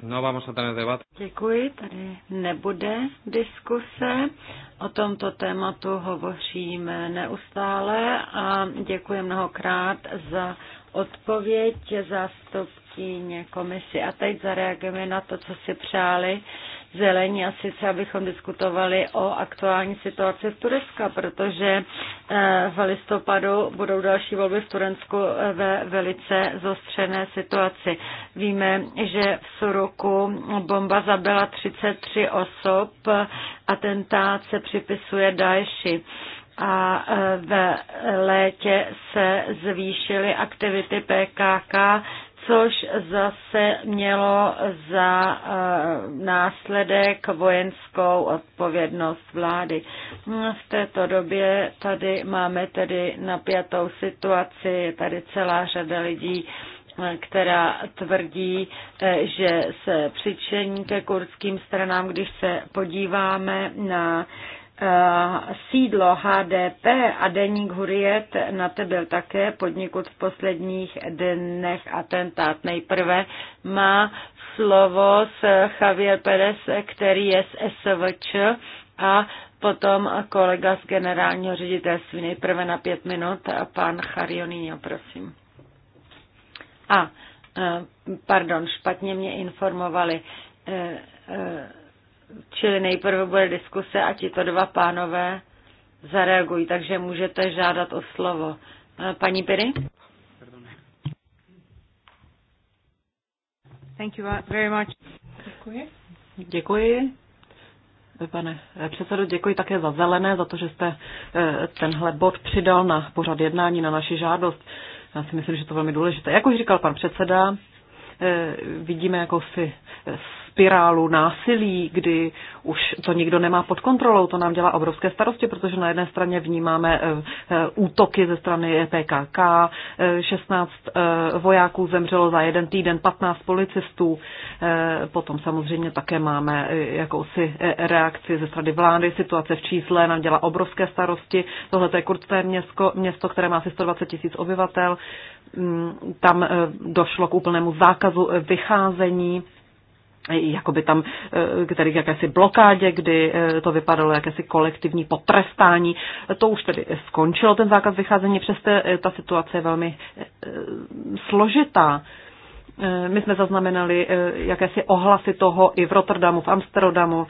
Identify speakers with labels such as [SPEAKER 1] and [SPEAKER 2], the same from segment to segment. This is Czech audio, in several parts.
[SPEAKER 1] No, vamos a tener debate.
[SPEAKER 2] Děkuji, tady nebude diskuse. O tomto tématu hovoříme neustále a děkuji mnohokrát za odpověď zástupkyně komisi. A teď zareagujeme na to, co si přáli zelení a sice abychom diskutovali o aktuální situaci v Turecku, protože eh, v listopadu budou další volby v Turecku eh, ve velice zostřené situaci. Víme, že v Suruku bomba zabila 33 osob, eh, atentát se připisuje Daeši a v létě se zvýšily aktivity PKK což zase mělo za eh, následek vojenskou odpovědnost vlády. V této době tady máme tedy napjatou situaci, je tady celá řada lidí, která tvrdí, eh, že se přičení ke kurdským stranám, když se podíváme na Eh, sídlo HDP a deník Huriet na to byl také podnikut v posledních dnech atentát. Nejprve má slovo s Javier Pérez, který je z SVČ a potom kolega z generálního ředitelství. Nejprve na pět minut a pan Charionino, prosím. A, eh, pardon, špatně mě informovali eh, Čili nejprve bude diskuse a tito dva pánové zareagují, takže můžete žádat o slovo. Eh, paní Piry?
[SPEAKER 1] Thank you very much. Děkuji. Děkuji. Pane eh, předsedo, děkuji také za zelené, za to, že jste eh, tenhle bod přidal na pořad jednání, na naši žádost. Já si myslím, že to je velmi důležité. Jak už říkal pan předseda, vidíme jako si spirálu násilí, kdy už to nikdo nemá pod kontrolou. To nám dělá obrovské starosti, protože na jedné straně vnímáme eh, eh, útoky ze strany PKK, 16 eh, vojáků zemřelo za jeden týden, 15 policistů. Potom samozřejmě také máme jakousi reakci ze strany vlády, situace v čísle nám dělá obrovské starosti. Tohle je kurdské město, město, které má asi 120 tisíc obyvatel. Mm, tam došlo k úplnému zákazu vycházení jakoby tam eh, tedy jakési blokádě, kdy eh, to vypadalo jakési kolektivní potrestání. To už tedy skončilo, ten zákaz vycházení, přesto eh, ta situace je velmi složitá. My jsme zaznamenali jakési ohlasy toho i v Rotterdamu, v Amsterdamu,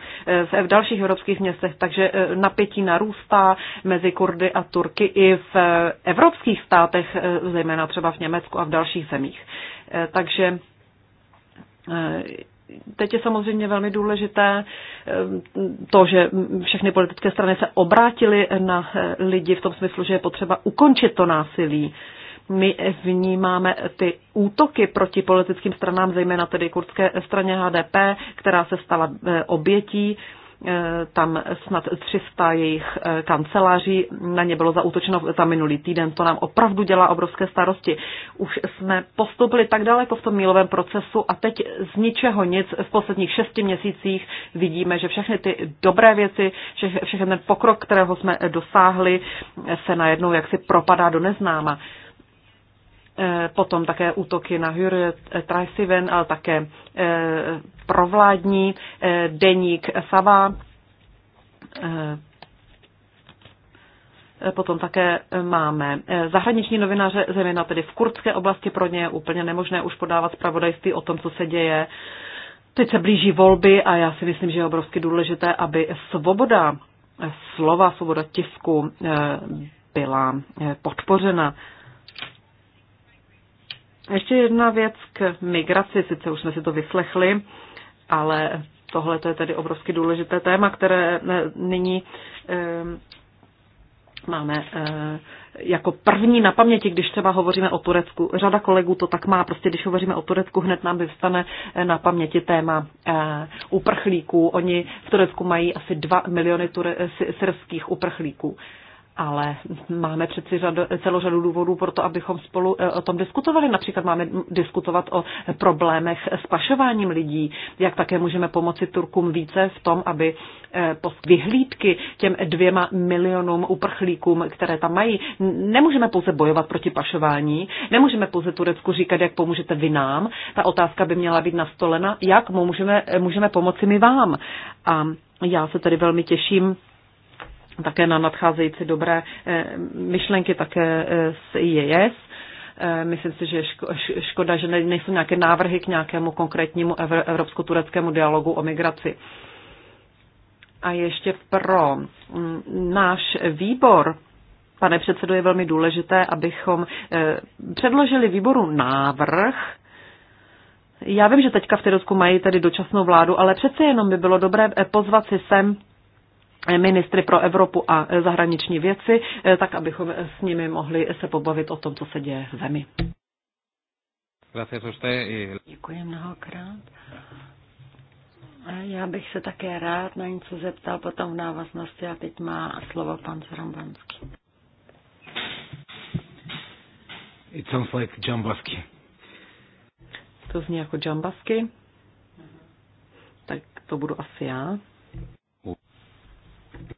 [SPEAKER 1] v dalších evropských městech, takže napětí narůstá mezi Kurdy a Turky i v evropských státech, zejména třeba v Německu a v dalších zemích. Takže teď je samozřejmě velmi důležité eh, to, že všechny politické strany se obrátily na eh, lidi v tom smyslu, že je potřeba ukončit to násilí. My vnímáme ty útoky proti politickým stranám, zejména tedy kurdské straně HDP, která se stala eh, obětí Eh, tam snad 300 jejich eh, kanceláří, na ně bylo zautočeno za minulý týden, to nám opravdu dělá obrovské starosti. Už jsme postoupili tak daleko v tom mílovém procesu a teď z ničeho nic v posledních šesti měsících vidíme, že všechny ty dobré věci, všechny ten pokrok, kterého jsme dosáhli, se najednou jaksi propadá do neznáma. Eh, potom také útoky na Hürriyet eh, Trajsiven, ale také eh, provládní deník Sava, Potom také máme zahraniční novináře, zejména tedy v kurdské oblasti, pro ně je úplně nemožné už podávat zpravodajství o tom, co se děje. Teď se blíží volby a já si myslím, že je obrovsky důležité, aby svoboda slova, svoboda tisku byla podpořena. A ještě jedna věc k migraci, sice už jsme si to vyslechli, ale tohle to je tedy obrovsky důležité téma, které eh, nyní eh, máme eh, jako první na paměti, když třeba hovoříme o Turecku. Řada kolegů to tak má, prostě když hovoříme o Turecku, hned nám vyvstane na paměti téma uprchlíků. Oni v Turecku mají asi 2 miliony syrských uprchlíků ale máme přeci řadu, celou řadu důvodů pro to, abychom spolu eh, o tom diskutovali. Například máme diskutovat o problémech s pašováním lidí, jak také můžeme pomoci Turkům více v tom, aby eh, vyhlídky těm dvěma milionům uprchlíkům, které tam mají. Nemůžeme pouze bojovat proti pašování, nemůžeme pouze Turecku říkat, jak pomůžete vy nám. Ta otázka by měla být nastolena, jak můžeme, můžeme pomoci my vám. A já se tedy velmi těším také na nadcházející dobré eh, myšlenky také z eh, IES. Eh, myslím si, že je škoda, že nejsou nějaké návrhy k nějakému konkrétnímu evropsko-tureckému dialogu o migraci. A ještě pro mm, náš výbor, pane předsedo, je velmi důležité, abychom předložili výboru návrh, já vím, že teďka v Tyrusku mají tedy dočasnou vládu, ale přece jenom by bylo dobré pozvat si sem ministry pro Evropu a zahraniční věci, eh, tak abychom s nimi mohli se pobavit o tom, co se děje v zemi. Děkuji
[SPEAKER 2] mnohokrát. Já bych se také rád na něco zeptal potom v návaznosti a teď má slovo pan Zarambanský. It sounds like Jambasky.
[SPEAKER 1] To zní jako Jambasky. Tak to budu asi já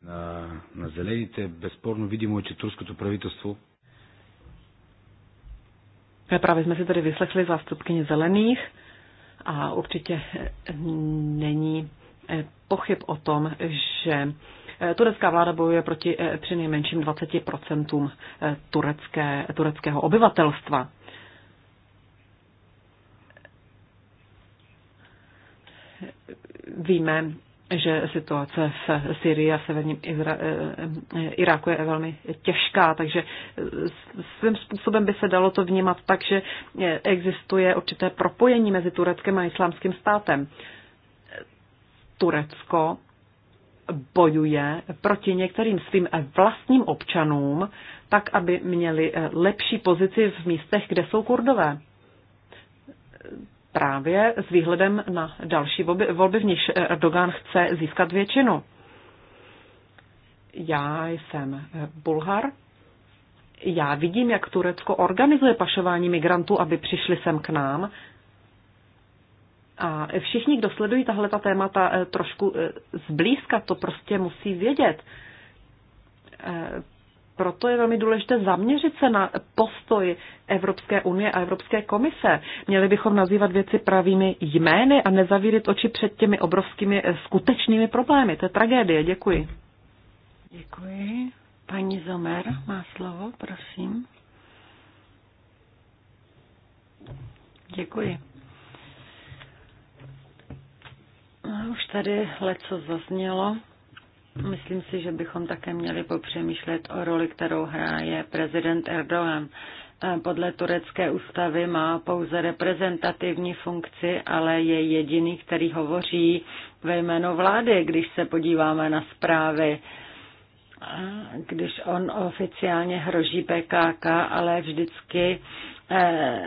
[SPEAKER 2] на, на зелените, безспорно видимо е, че турското правителство.
[SPEAKER 1] Právě jsme si tady vyslechli zástupkyně zelených a určitě není pochyb o tom, že turecká vláda bojuje proti při nejmenším 20% e, turecké, tureckého obyvatelstva. Víme, že situace v Syrii a v severním Izra- eh, Iráku je velmi těžká, takže svým způsobem by se dalo to vnímat tak, že existuje určité propojení mezi Tureckem a islámským státem. Turecko bojuje proti některým svým vlastním občanům, tak aby měli eh, lepší pozici v místech, kde jsou kurdové právě s výhledem na další volby, volby v níž Erdogan chce získat většinu. Já jsem Bulhar. Já vidím, jak Turecko organizuje pašování migrantů, aby přišli sem k nám. A všichni, kdo sledují tahle témata eh, trošku eh, zblízka, to prostě musí vědět. Eh, proto je velmi důležité zaměřit se na postoj Evropské unie a Evropské komise. Měli bychom nazývat věci pravými jmény a nezavírit oči před těmi obrovskými eh, skutečnými problémy. To je tragédie. Děkuji.
[SPEAKER 2] Děkuji. Paní Zomer má slovo, prosím. Děkuji. Už tady leco zaznělo. Myslím si, že bychom také měli popřemýšlet o roli, kterou hraje prezident Erdogan. E, podle turecké ústavy má pouze reprezentativní funkci, ale je jediný, který hovoří ve jméno vlády, když se podíváme na zprávy. E, když on oficiálně hroží PKK, ale vždycky e,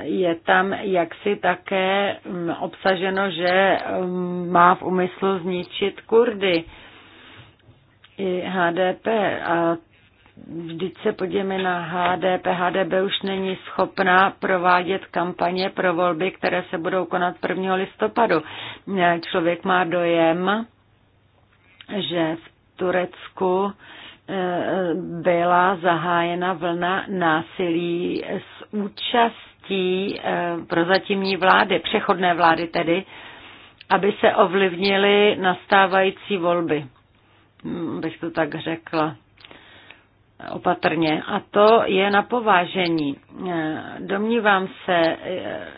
[SPEAKER 2] je tam jaksi také obsaženo, že má v úmyslu zničit Kurdy i HDP a vždyť se podíme na HDP. HDP už není schopná provádět kampaně pro volby, které se budou konat 1. listopadu. Člověk má dojem, že v Turecku eh, byla zahájena vlna násilí s účastí eh, prozatímní vlády, přechodné vlády tedy, aby se ovlivnily nastávající volby bych to tak řekla opatrně. A to je na povážení. Domnívám se,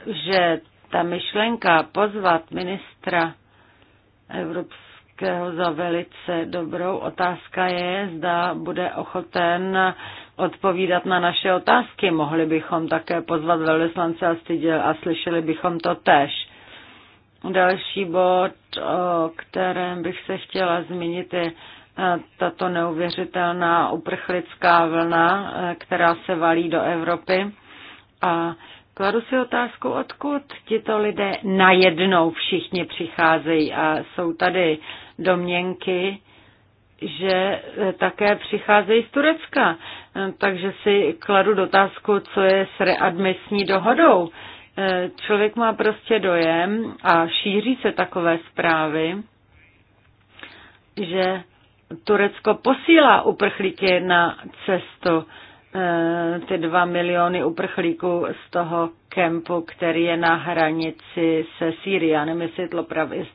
[SPEAKER 2] že ta myšlenka pozvat ministra Evropského za velice dobrou otázka je, zda bude ochoten odpovídat na naše otázky. Mohli bychom také pozvat velvyslance a styděl a slyšeli bychom to tež. Další bod, o kterém bych se chtěla zmínit, je tato neuvěřitelná uprchlická vlna, eh, která se valí do Evropy. A kladu si otázku, odkud tito lidé najednou všichni přicházejí a jsou tady domněnky, že eh, také přicházejí z Turecka. Eh, takže si kladu dotázku, co je s readmisní dohodou. Člověk má prostě dojem a šíří se takové zprávy, že Turecko posílá uprchlíky na cestu, e, ty dva miliony uprchlíků z toho kempu, který je na hranici se Sýrií. Já nevím, jestli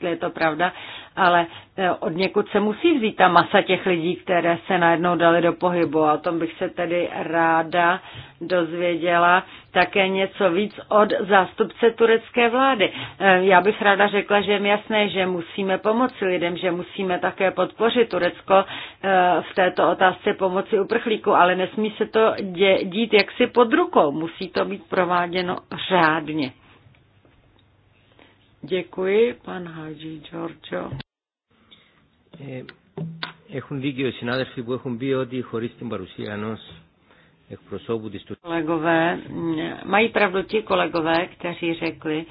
[SPEAKER 2] je to pravda, ale e, od někud se musí vzít ta masa těch lidí, které se najednou dali do pohybu. A o tom bych se tedy ráda dozvěděla také něco víc od zástupce turecké vlády. E, já bych ráda řekla, že je jasné, že musíme pomoci lidem, že musíme také podpořit Turecko e, v této otázce pomoci uprchlíku, ale nesmí se to dít jaksi pod rukou. Musí to být prováděno řádně. Děkuji, pan Haji Giorgio.
[SPEAKER 3] Ε, έχουν δίκιο
[SPEAKER 2] οι συνάδελφοι που έχουν πει ότι χωρί την παρουσία ενό εκπροσώπου της Kolegové, mají pravdu ti kolegové, kteří řekli,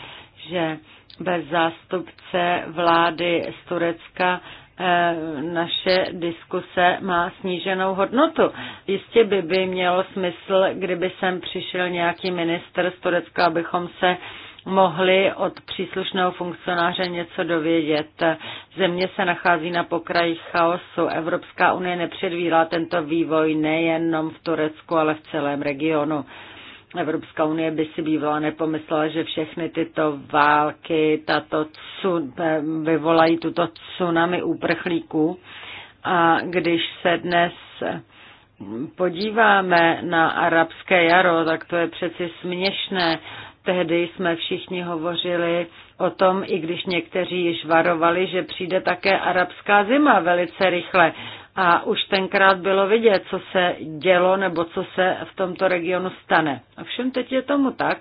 [SPEAKER 2] že bez zástupce vlády z Turecka eh, naše diskuse má sníženou hodnotu. Jistě by, by mělo smysl, kdyby sem přišel nějaký minister z Turecka, abychom se uh, mohli od příslušného funkcionáře něco dovědět. Země se nachází na pokraji chaosu. Evropská unie nepředvídala tento vývoj nejenom v Turecku, ale v celém regionu. Evropská unie by si bývala nepomyslela, že všechny tyto války tato tsun, vyvolají tuto tsunami úprchlíků. A když se dnes podíváme na arabské jaro, tak to je přeci směšné. Tehdy jsme všichni hovořili o tom, i když někteří již varovali, že přijde také arabská zima velice rychle. A už tenkrát bylo vidět, co se dělo nebo co se v tomto regionu stane. Ovšem teď je tomu tak,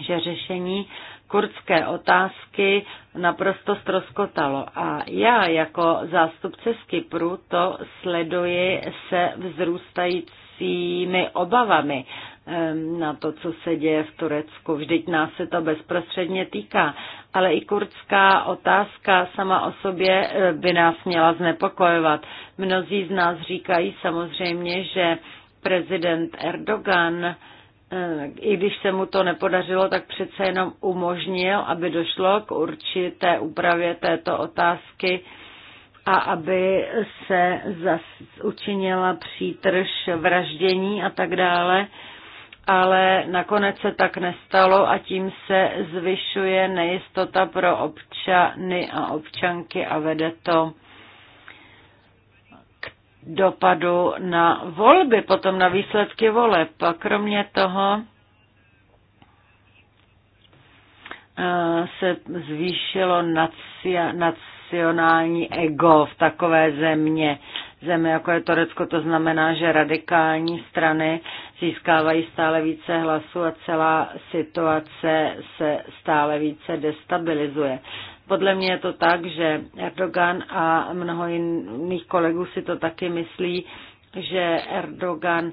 [SPEAKER 2] že řešení kurdské otázky naprosto stroskotalo. A já jako zástupce z Kypru to sleduji se vzrůstající svými obavami na to, co se děje v Turecku. Vždyť nás se to bezprostředně týká. Ale i kurdská otázka sama o sobě eh, by nás měla znepokojovat. Mnozí z nás říkají samozřejmě, že prezident Erdogan eh, i když se mu to nepodařilo, tak přece jenom umožnil, aby došlo k určité úpravě této otázky a aby se zas učinila přítrž vraždění a tak dále, ale nakonec se tak nestalo a tím se zvyšuje nejistota pro občany a občanky a vede to k dopadu na volby, potom na výsledky voleb. A kromě toho, eh, se zvýšilo nacionální ego v takové země, zemi, jako je Turecko, to znamená, že radikální strany získávají stále více hlasů a celá situace se stále více destabilizuje. Podle mě je to tak, že Erdogan a mnoho jiných kolegů si to taky myslí, že Erdogan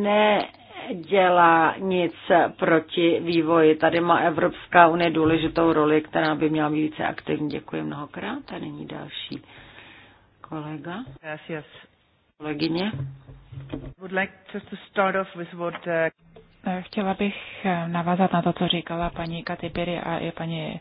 [SPEAKER 2] nedělá nic proti vývoji. Tady má Evropská unie důležitou roli, která by měla být více aktivní. Děkuji mnohokrát. A nyní další
[SPEAKER 3] kolega. Gracias. Kolegyně. Would like just to start off with what, uh, Chtěla bych navázat na to, co říkala paní Katypiry a i paní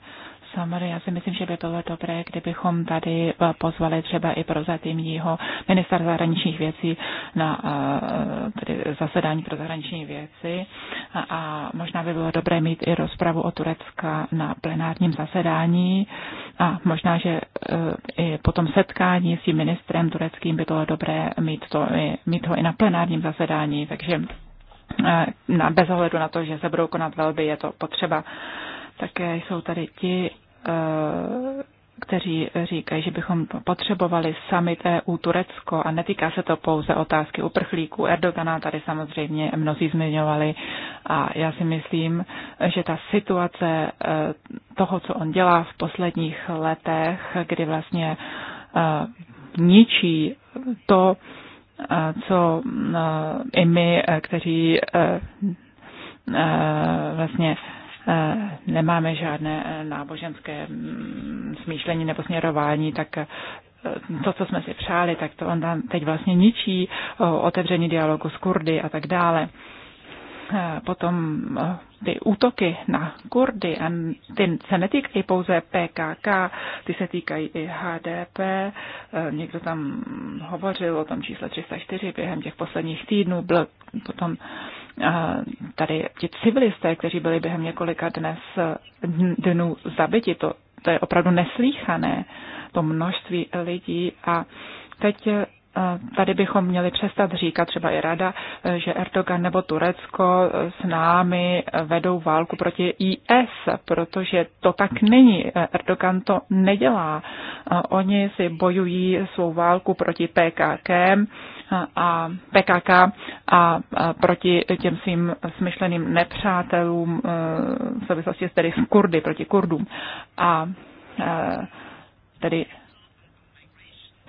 [SPEAKER 3] Samary, já si myslím, že by bylo dobré, kdybychom tady eh, pozvali třeba i pro zatímního ministra zahraničních věcí na eh, tedy zasedání pro zahraniční věci a, a možná by bylo dobré mít i rozpravu o Turecka na plenárním zasedání a možná, že eh, i po tom setkání s tím ministrem tureckým by bylo dobré mít, to, mít ho i na plenárním zasedání, takže bez ohledu na to, že se budou konat velby, je to potřeba. Také jsou tady ti, Eh, kteří říkají, že bychom potřebovali summit EU Turecko a netýká se to pouze otázky uprchlíků. Erdogana tady samozřejmě mnozí zmiňovali a já si myslím, že ta situace eh, toho, co on dělá v posledních letech, kdy vlastně eh, ničí to, co i my, kteří vlastně Eh, nemáme žádné eh, náboženské mm, smýšlení nebo směrování, tak eh, to, co jsme si přáli, tak to on tam teď vlastně ničí, otevření dialogu s Kurdy a tak dále. Potom ty útoky na Kurdy, a ty se netýkají pouze PKK, ty se týkají i HDP. Někdo tam hovořil o tom čísle 304 během těch posledních týdnů, byl potom tady ti civilisté, kteří byli během několika dnes, dnů zabiti, to, to je opravdu neslíchané, to množství lidí a teď eh, tady bychom měli přestat říkat třeba i rada, eh, že Erdogan nebo Turecko eh, s námi vedou válku proti IS, protože to tak není. Erdogan to nedělá. Oni si bojují svou válku proti PKK a PKK a proti těm svým smyšleným nepřátelům e, v souvislosti s tedy s Kurdy, proti Kurdům. A e, tedy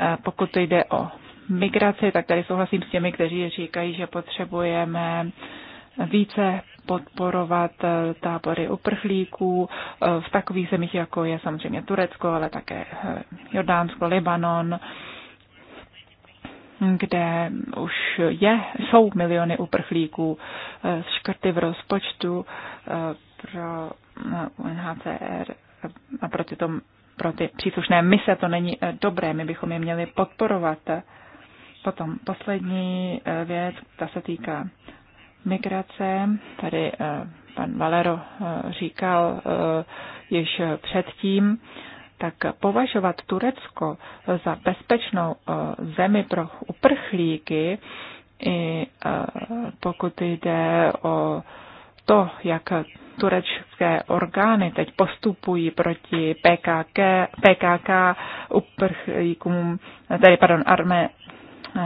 [SPEAKER 3] e, pokud jde o migraci, tak tady souhlasím s těmi, kteří říkají, že potřebujeme více podporovat tábory uprchlíků v takových zemích, jako je samozřejmě Turecko, ale také Jordánsko, Libanon, kde už je, jsou miliony uprchlíků, eh, škrty v rozpočtu eh, pro eh, UNHCR a pro, tyto, pro ty příslušné mise to není dobré, my bychom je měli podporovat. Potom poslední věc, ta se týká migrace. Tady pan Valero říkal již předtím, tak považovat Turecko za bezpečnou eh, zemi pro uprchlíky, i eh, pokud jde o to, jak turecké orgány teď postupují proti PKK, PKK uprchlíkům, tedy pardon, armé eh,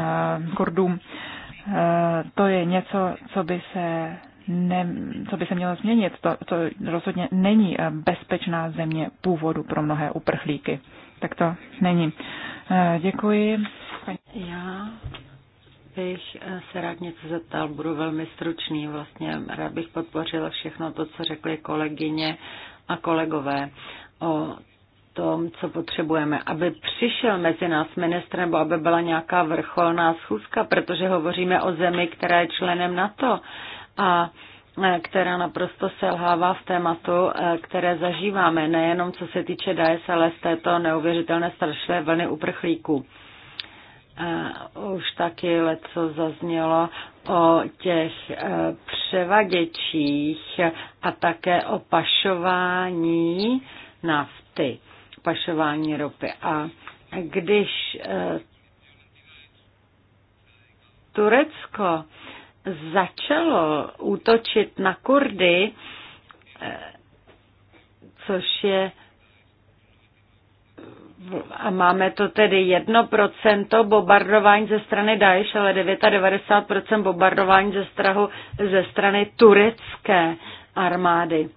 [SPEAKER 3] Kurdům, to je něco, co by se ne, co by se mělo změnit. To, to rozhodně není eh, bezpečná země původu pro mnohé uprchlíky. Tak to není. Eh, děkuji.
[SPEAKER 2] Já bych eh, se rád něco zeptal, budu velmi stručný. Vlastně rád bych podpořila všechno to, co řekly kolegyně a kolegové o tom, co potřebujeme, aby přišel mezi nás ministr nebo aby byla nějaká vrcholná schůzka, protože hovoříme o zemi, která je členem NATO a e, která naprosto selhává v tématu, e, které zažíváme, nejenom co se týče Daesh, ale z této neuvěřitelné strašné vlny uprchlíků. E, už taky leco zaznělo o těch převaděčích a také o pašování nafty, pašování ropy. A když Turecko začalo útočit na Kurdy, eh, což je a máme to tedy 1% bombardování ze strany Daesh, ale 99% bombardování ze, strahu, ze strany turecké armády.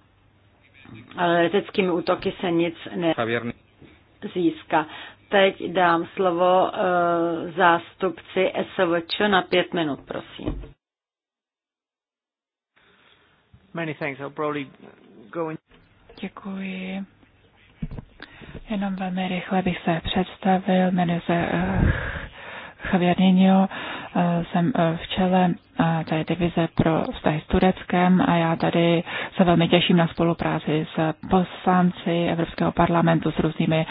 [SPEAKER 2] Ale leteckými útoky se nic nezíská. Teď dám slovo eh, zástupci SVČ na pět minut, prosím.
[SPEAKER 1] Many thanks. I'll probably go in.
[SPEAKER 3] Děkuji. Jenom velmi rychle bych se představil, jmenuji se uh, Javier Nino, Eh, jsem eh, v čele eh, té divize pro vztahy s Tureckem a já tady se velmi těším na spolupráci s poslanci Evropského parlamentu, s různými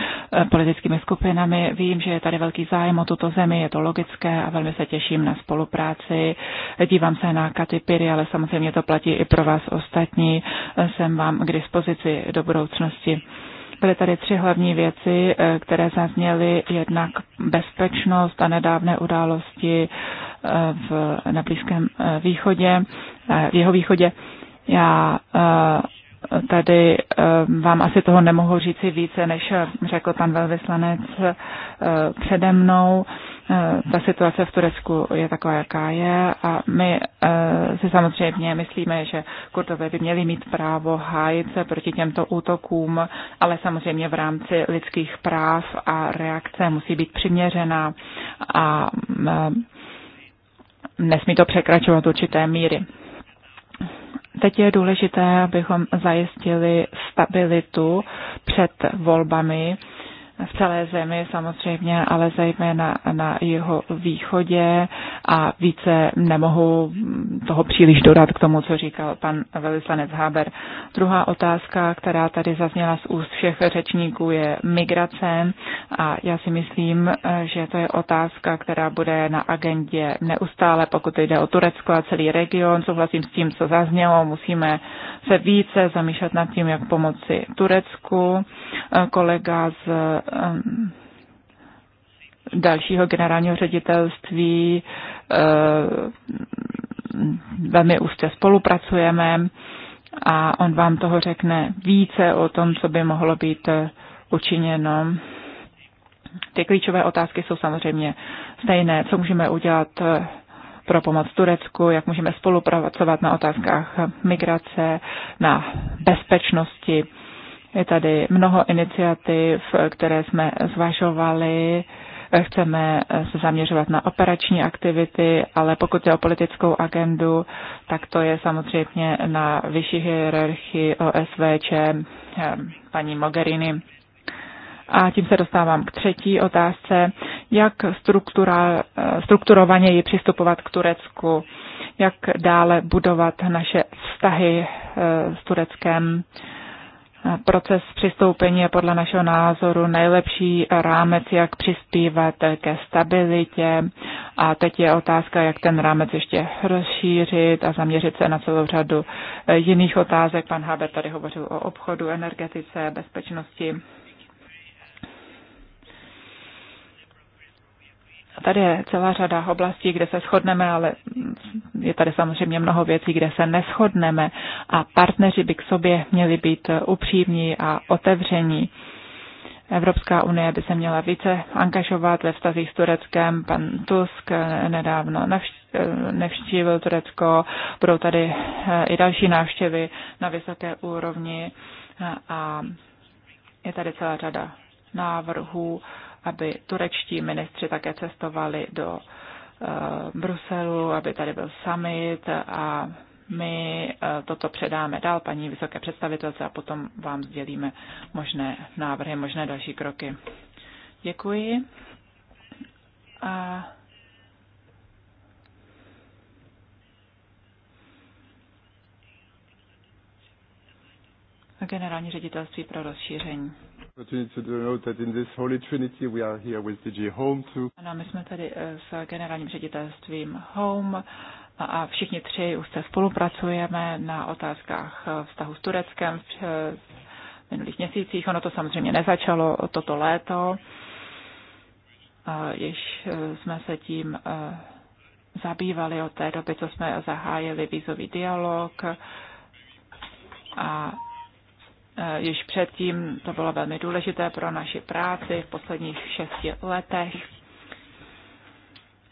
[SPEAKER 3] politickými skupinami. Vím, že je tady velký zájem o tuto zemi, je to logické a velmi se těším na spolupráci. Dívám se na Katy ale samozřejmě to platí i pro vás ostatní. Jsem vám k dispozici do budoucnosti. Byly tady tři hlavní věci, eh, které zazněly jednak bezpečnost a nedávné události eh, v, na Blízkém eh, východě, v jeho východě. Já Tady eh, vám asi toho nemohu říci více, než řekl pan velvyslanec eh, přede mnou. Eh, ta situace v Turecku je taková, jaká je a my si samozřejmě myslíme, že Kurdové by měli mít právo hájit se proti těmto útokům, ale samozřejmě v rámci lidských práv a reakce musí být přiměřená a nesmí to překračovat určité míry. Teď je důležité, abychom zajistili stabilitu před volbami v celé zemi samozřejmě, ale zejména na jeho východě a více nemohu toho příliš dodat k tomu, co říkal pan velislanec Haber. Druhá otázka, která tady zazněla z úst všech řečníků, je migrace a já si myslím, že to je otázka, která bude na agendě neustále, pokud jde o Turecko a celý region. Souhlasím s tím, co zaznělo, musíme se více zamýšlet nad tím, jak pomoci Turecku. Kolega z Um, dalšího generálního ředitelství uh, velmi úzce spolupracujeme a on vám toho řekne více o tom, co by mohlo být uh, učiněno. Ty klíčové otázky jsou samozřejmě stejné, co můžeme udělat uh, pro pomoc Turecku, jak můžeme spolupracovat na otázkách migrace, na bezpečnosti je tady mnoho iniciativ, které jsme zvažovali. Chceme se zaměřovat na operační aktivity, ale pokud je o politickou agendu, tak to je samozřejmě na vyšší hierarchii OSVČ eh, paní Mogherini. A tím se dostávám k třetí otázce, jak struktura, eh, strukturovaně ji přistupovat k Turecku, jak dále budovat naše vztahy eh, s Tureckem proces přistoupení je podle našeho názoru nejlepší rámec, jak přispívat ke stabilitě. A teď je otázka, jak ten rámec ještě rozšířit a zaměřit se na celou řadu eh, jiných otázek. Pan Haber tady hovořil o obchodu, energetice, bezpečnosti Tady je celá řada oblastí, kde se shodneme, ale je tady samozřejmě mnoho věcí, kde se neschodneme a partneři by k sobě měli být upřímní a otevření. Evropská unie by se měla více angažovat ve vztazích s Tureckem. Pan Tusk nedávno nevštívil Turecko, budou tady eh, i další návštěvy na vysoké úrovni a je tady celá řada návrhů aby turečtí ministři také cestovali do eh, Bruselu, aby tady byl summit a my eh, toto předáme dál paní vysoké představitelce a potom vám sdělíme možné návrhy, možné další kroky. Děkuji. A generální ředitelství pro rozšíření. Ano, my jsme tady eh, s generálním ředitelstvím Home a všichni tři už se spolupracujeme na otázkách eh, vztahu s Tureckem eh, v minulých měsících. Ono to samozřejmě nezačalo toto léto, již jsme se tím zabývali od té doby, co jsme zahájili vízový dialog a Eh, již předtím. To bylo velmi důležité pro naši práci v posledních šesti letech.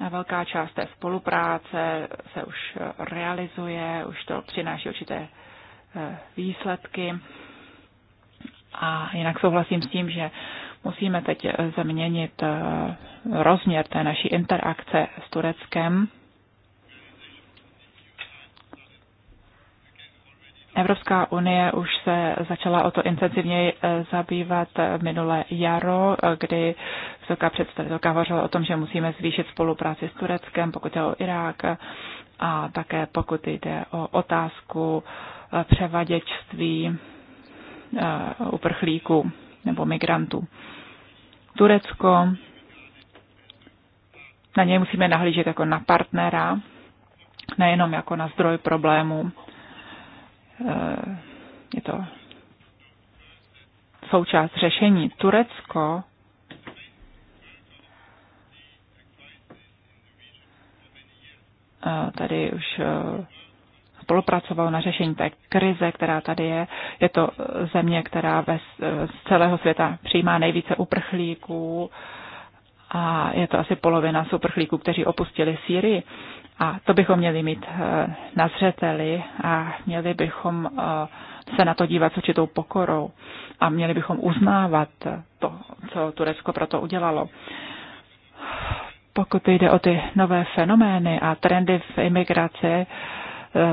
[SPEAKER 3] Eh, velká část té spolupráce se už realizuje, už to přináší určité eh, výsledky. A jinak souhlasím s tím, že musíme teď změnit rozměr té naší interakce s Tureckem. Evropská unie už se začala o to intenzivněji eh, zabývat eh, minulé jaro, eh, kdy vysoká představitelka hovořila o tom, že musíme zvýšit spolupráci s Tureckem, pokud je o Irák a také pokud jde o otázku převaděčství uprchlíků nebo migrantů. Turecko, na něj musíme nahlížet jako na partnera, nejenom jako na zdroj problémů Eh, je to součást řešení. Turecko eh, tady už eh, spolupracoval na řešení té krize, která tady je. Je to země, která bez, z celého světa přijímá nejvíce uprchlíků a je to asi polovina z uprchlíků, kteří opustili Sýrii. A to bychom měli mít eh, na zřeteli a měli bychom eh, se na to dívat s určitou pokorou a měli bychom uznávat to, co Turecko pro to udělalo. Pokud jde o ty nové fenomény a trendy v imigraci, eh,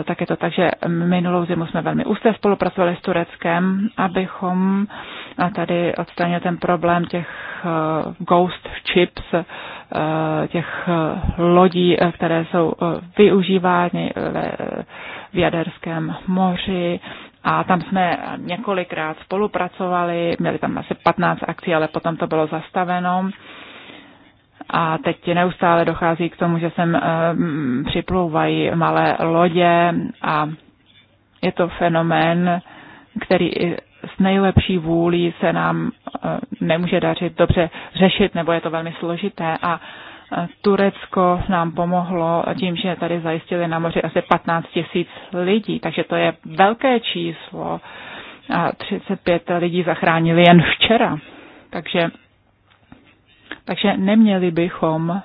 [SPEAKER 3] tak je to tak, že minulou zimu jsme velmi úzce spolupracovali s Tureckem, abychom tady odstranili ten problém těch ghost chips, Eh, těch eh, lodí, eh, které jsou využívány v Jaderském moři. A tam jsme několikrát spolupracovali, měli tam asi 15 akcí, ale potom to bylo zastaveno. A teď neustále dochází k tomu, že sem připlouvají malé lodě a je to fenomén, který s nejlepší vůlí se nám E, nemůže dařit dobře řešit, nebo je to velmi složité. A e, Turecko nám pomohlo tím, že tady zajistili na moři asi 15 tisíc lidí, takže to je velké číslo. A 35 lidí zachránili jen včera. Takže, takže neměli bychom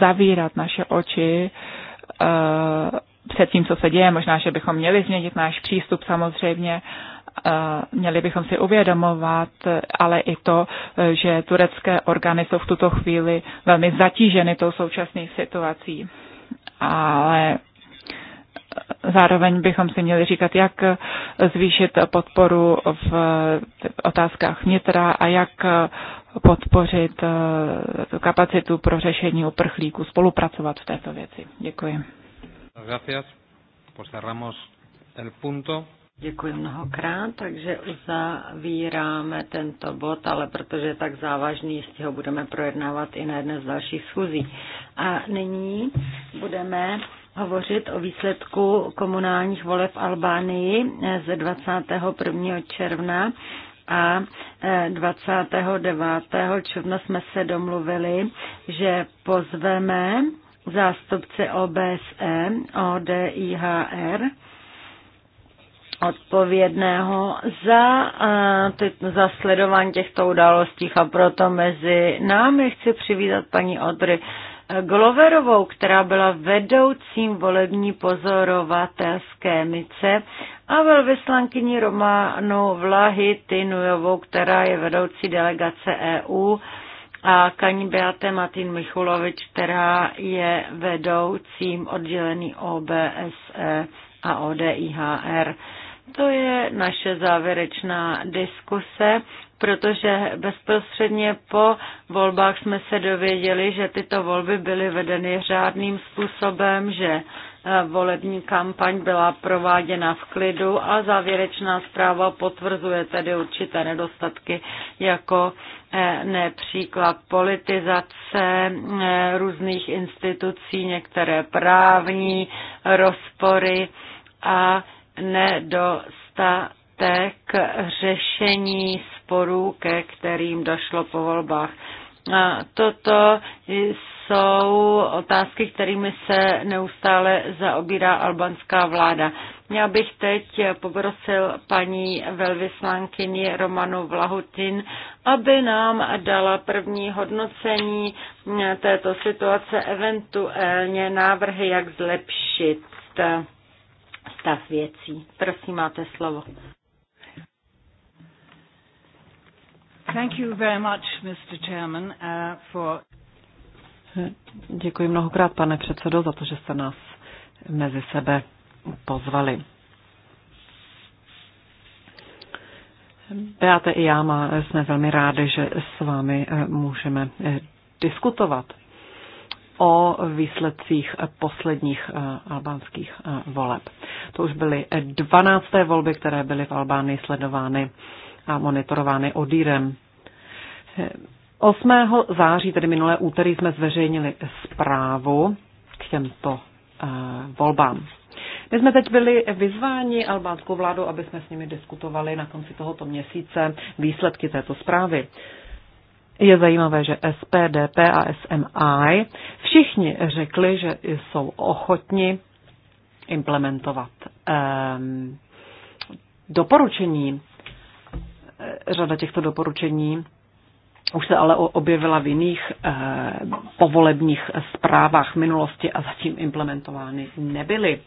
[SPEAKER 3] zavírat naše oči e, před tím, co se děje. Možná, že bychom měli změnit náš přístup samozřejmě, Eh, měli bychom si uvědomovat, eh, ale i to, eh, že turecké orgány jsou v tuto chvíli velmi zatíženy tou současnou situací. Ale zároveň bychom si měli říkat, jak zvýšit podporu v otázkách vnitra a jak podpořit kapacitu pro řešení uprchlíků, spolupracovat v této věci. Děkuji.
[SPEAKER 1] Gracias. Pues cerramos el punto. Děkuji mnohokrát,
[SPEAKER 2] takže uzavíráme tento bod, ale protože je tak závažný, jistě ho budeme projednávat i na jedné z dalších schůzí. A nyní budeme hovořit o výsledku komunálních voleb v Albánii ze 21. června a 29. června jsme se domluvili, že pozveme zástupce OBSE, ODIHR, odpovědného za, eh, za sledování těchto událostí a proto mezi námi chci přivítat paní Odry Gloverovou, která byla vedoucím volební pozorovatelské mice a velvyslankyni Románu Vlahy Tynujovou, která je vedoucí delegace EU a Kaní Beate Matin Michulovič, která je vedoucím oddělený OBSE a ODIHR. To je naše závěrečná diskuse, protože bezprostředně po volbách jsme se dověděli, že tyto volby byly vedeny řádným způsobem, že e, volební kampaň byla prováděna v klidu a závěrečná zpráva potvrzuje tedy určité nedostatky jako e, nepříklad politizace e, různých institucí, některé právní rozpory a nedostatek řešení sporů, ke kterým došlo po volbách. A toto jsou otázky, kterými se neustále zaobírá albanská vláda. Já bych teď poprosil paní velvyslankyni Romanu Vlahutin, aby nám dala první hodnocení této situace, eventuálně návrhy, jak zlepšit stav věcí. Prosím, máte slovo. Thank you very much, Mr. Chairman, uh, for...
[SPEAKER 1] Děkuji mnohokrát, pane předsedo, za to, že jste nás mezi sebe pozvali. Beate i já má, jsme velmi rádi, že s vámi eh, můžeme eh, diskutovat o výsledcích posledních eh, albánských eh, voleb. To už byly 12. volby, které byly v Albánii sledovány a monitorovány odírem. 8. září, tedy minulé úterý, jsme zveřejnili zprávu k těmto eh, volbám. My jsme teď byli vyzváni albánskou vládu, aby jsme s nimi diskutovali na konci tohoto měsíce výsledky této zprávy. Je zajímavé, že SPD, a všichni řekli, že jsou ochotni implementovat um, doporučení. Eh, řada těchto doporučení už se ale objevila v jiných eh, povolebních zprávách minulosti a zatím implementovány nebyly.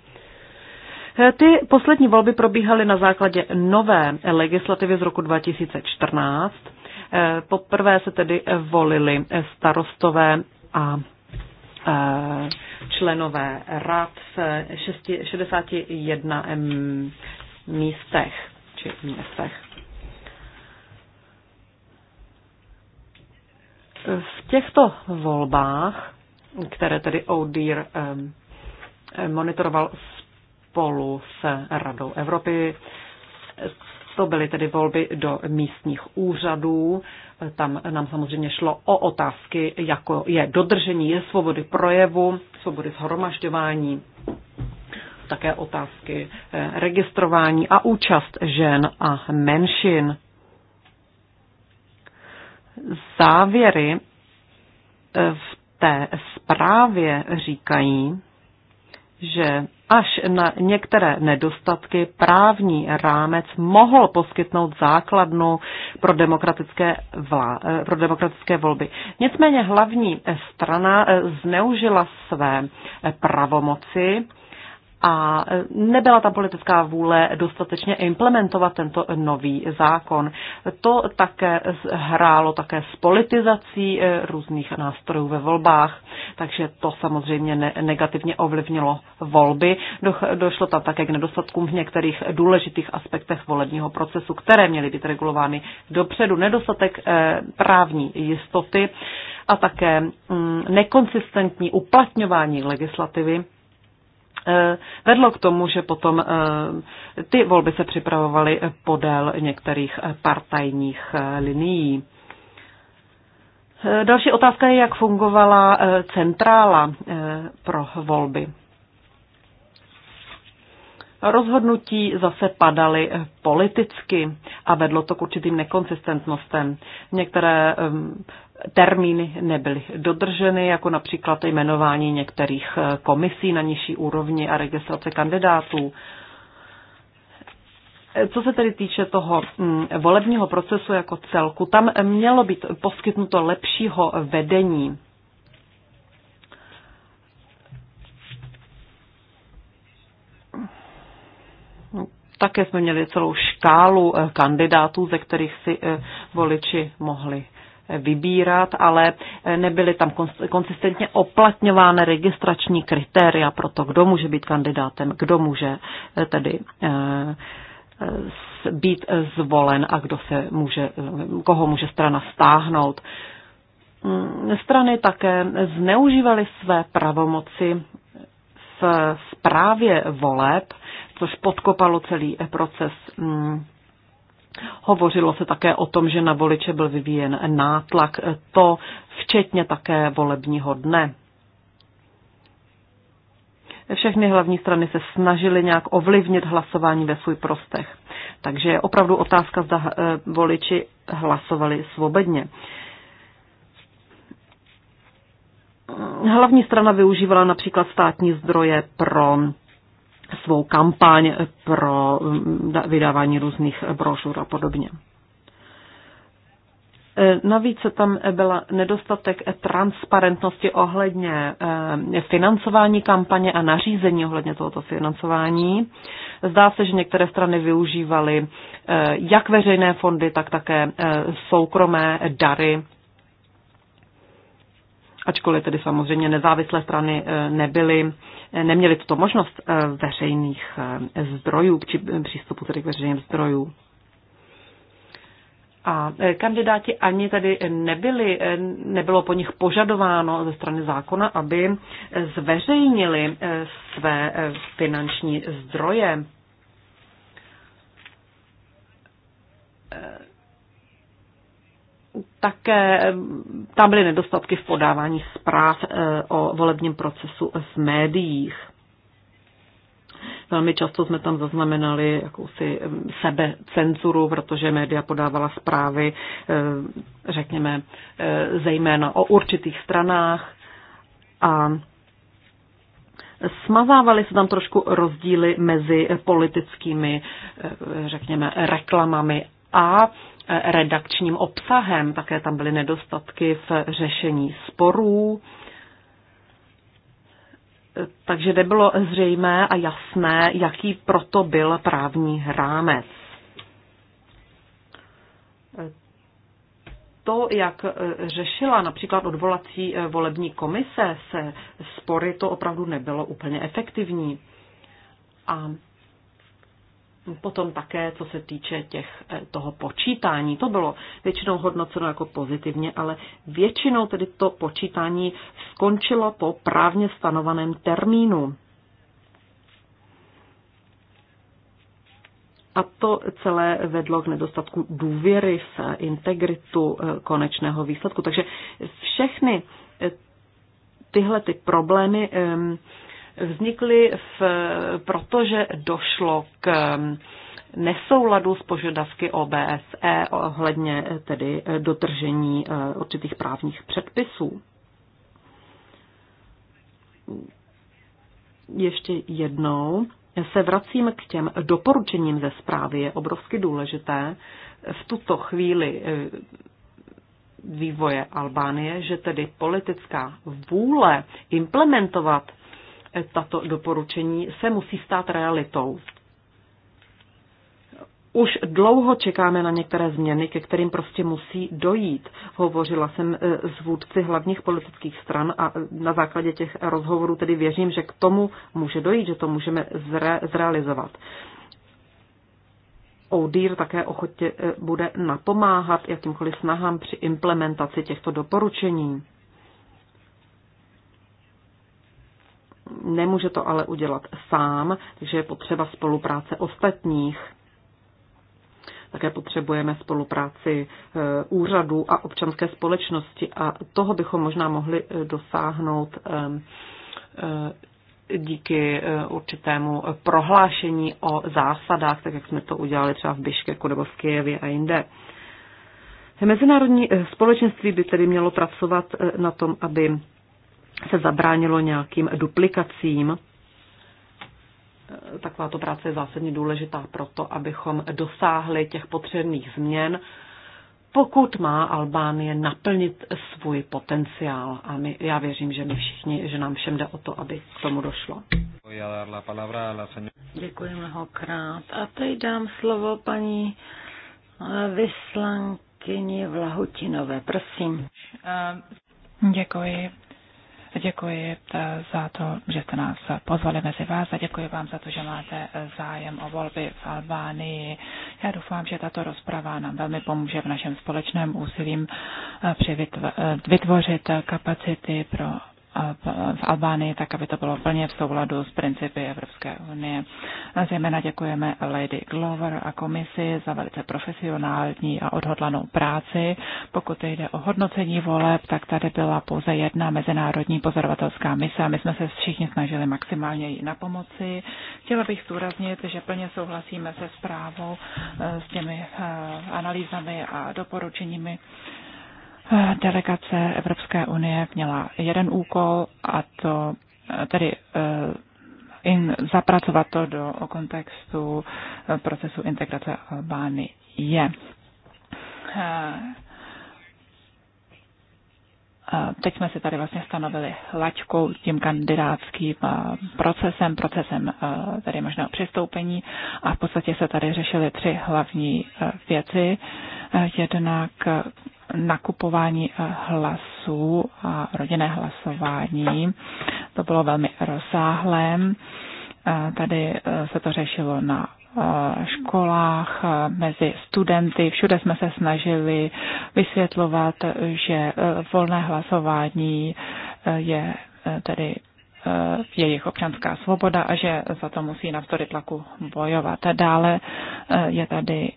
[SPEAKER 1] Eh, ty poslední volby probíhaly na základě nové legislativy z roku 2014 Poprvé se tedy volili starostové a e, členové rad v 61 místech či městech. V těchto volbách, které tedy ODIR monitoroval spolu s Radou Evropy, to byly tedy volby do místních úřadů. Tam nám samozřejmě šlo o otázky, jako je dodržení je svobody projevu, svobody shromažďování, také otázky eh, registrování a účast žen a menšin. Závěry eh, v té zprávě říkají, že až na některé nedostatky právní rámec mohl poskytnout základnu pro demokratické, vlá, eh, pro demokratické volby. Nicméně hlavní strana eh, zneužila své eh, pravomoci a nebyla tam politická vůle dostatečně implementovat tento nový zákon. To také hrálo také s politizací eh, různých nástrojů ve volbách, takže to samozřejmě negativně ovlivnilo volby. Došlo tam také k nedostatkům v některých důležitých aspektech volebního procesu, které měly být regulovány dopředu. Nedostatek eh, právní jistoty a také mm, nekonsistentní uplatňování legislativy Eh, vedlo k tomu, že potom eh, ty volby se připravovaly podél některých eh, partajních linií. Další otázka je, jak fungovala centrála pro volby. Rozhodnutí zase padaly politicky a vedlo to k určitým nekonsistentnostem. Některé termíny nebyly dodrženy, jako například jmenování některých eh, komisí na nižší úrovni a registrace kandidátů. Eh, co se tedy týče toho mm, volebního procesu jako celku, tam mělo být poskytnuto lepšího vedení. Také jsme měli celou škálu eh, kandidátů, ze kterých si voliči mohli vybírat, ale nebyly tam konsistentně oplatňovány registrační kritéria pro to, kdo může být kandidátem, kdo může eh, tedy eh, být zvolen a kdo se může, eh, koho může strana stáhnout. Mm, strany také zneužívaly své pravomoci v správě voleb, což podkopalo celý proces mm, Hovořilo se také o tom, že na voliče byl vyvíjen nátlak, to včetně také volebního dne. Všechny hlavní strany se snažily nějak ovlivnit hlasování ve svůj prostech. Takže je opravdu otázka, zda eh, voliči hlasovali svobodně. Hlavní strana využívala například státní zdroje pro svou kampaň pro mm, vydávání různých brožur a podobně. E, navíc tam byla nedostatek transparentnosti ohledně e, financování kampaně a nařízení ohledně tohoto financování. Zdá se, že některé strany využívaly e, jak veřejné fondy, tak také soukromé dary ačkoliv tedy samozřejmě nezávislé strany eh, nebyly, eh, neměly tuto možnost eh, veřejných zdrojů, či přístupu tedy k veřejným zdrojům. A kandidáti ani tedy nebyli, nebylo po nich požadováno ze strany zákona, aby zveřejnili své finanční zdroje také eh, tam byly nedostatky v podávání zpráv eh, o volebním procesu v médiích. Velmi často jsme tam zaznamenali jakousi sebecenzuru, protože média podávala zprávy, eh, řekněme, zejména o určitých stranách a smazávaly se tam trošku rozdíly mezi politickými, řekněme, reklamami a redakčním obsahem. Také tam byly nedostatky v řešení sporů. Takže nebylo zřejmé a jasné, jaký proto byl právní rámec. To, jak řešila například odvolací volební komise se spory, to opravdu nebylo úplně efektivní. A Potom také, co se týče těch, eh, toho počítání, to bylo většinou hodnoceno jako pozitivně, ale většinou tedy to počítání skončilo po právně stanovaném termínu. A to celé vedlo k nedostatku důvěry v integritu eh, konečného výsledku. Takže všechny eh, tyhle ty problémy ehm, vznikly v, protože došlo k nesouladu s požadavky OBSE ohledně eh, tedy eh, dotržení eh, určitých právních předpisů. Ještě jednou se vracím k těm doporučením ze zprávy. Je obrovsky důležité v tuto chvíli vývoje Albánie, že tedy politická vůle implementovat tato doporučení se musí stát realitou. Už dlouho čekáme na některé změny, ke kterým prostě musí dojít. Hovořila jsem e, s vůdci hlavních politických stran a e, na základě těch rozhovorů tedy věřím, že k tomu může dojít, že to můžeme zre- zrealizovat. ODIR také ochotě e, bude napomáhat jakýmkoliv snahám při implementaci těchto doporučení. Nemůže to ale udělat sám, takže je potřeba spolupráce ostatních. Také potřebujeme spolupráci e, úřadů a občanské společnosti a toho bychom možná mohli e, dosáhnout e, díky určitému prohlášení o zásadách, tak jak jsme to udělali třeba v Biškeku nebo v Kijevě a jinde. Mezinárodní společenství by tedy mělo pracovat na tom, aby se zabránilo nějakým duplikacím. E, takováto práce je zásadně důležitá proto, abychom dosáhli těch potřebných změn, pokud má Albánie naplnit svůj potenciál. A my, já věřím, že my všichni, že nám všem jde o to, aby k tomu došlo.
[SPEAKER 2] Děkuji mnohokrát.
[SPEAKER 1] A teď dám slovo paní
[SPEAKER 2] eh, vyslankyni Vlahutinové. Prosím.
[SPEAKER 3] Eh, Děkuji. Děkuji eh, za to, že jste nás eh, pozvali mezi vás a děkuji vám za to, že máte eh, zájem o volby v Albánii. Já doufám, že tato rozprava nám velmi pomůže v našem společném úsilím vytvořit kapacity pro v Albánii, tak aby to bylo plně v souladu s principy Evropské unie. A zejména děkujeme Lady Glover a komisi za velice profesionální a odhodlanou práci. Pokud jde o hodnocení voleb, tak tady byla pouze jedna mezinárodní pozorovatelská mise a my jsme se všichni snažili maximálně jí na pomoci. Chtěla bych zdůraznit, že plně souhlasíme se zprávou eh, s těmi eh, analýzami a doporučeními, Delegace Evropské unie měla jeden úkol a to eh, tedy eh, in, zapracovat to do kontextu eh, procesu integrace Albány je teď jsme si tady vlastně stanovili laťkou tím kandidátským procesem, procesem tady možného přistoupení a v podstatě se tady řešily tři hlavní věci. Jednak nakupování hlasů a rodinné hlasování. To bylo velmi rozsáhlé. Tady e, se to řešilo na Eh, školách, eh, mezi studenty. Všude jsme se snažili vysvětlovat, že eh, volné hlasování je tedy jejich občanská svoboda a že za to musí navzdory tlaku bojovat. dále je tady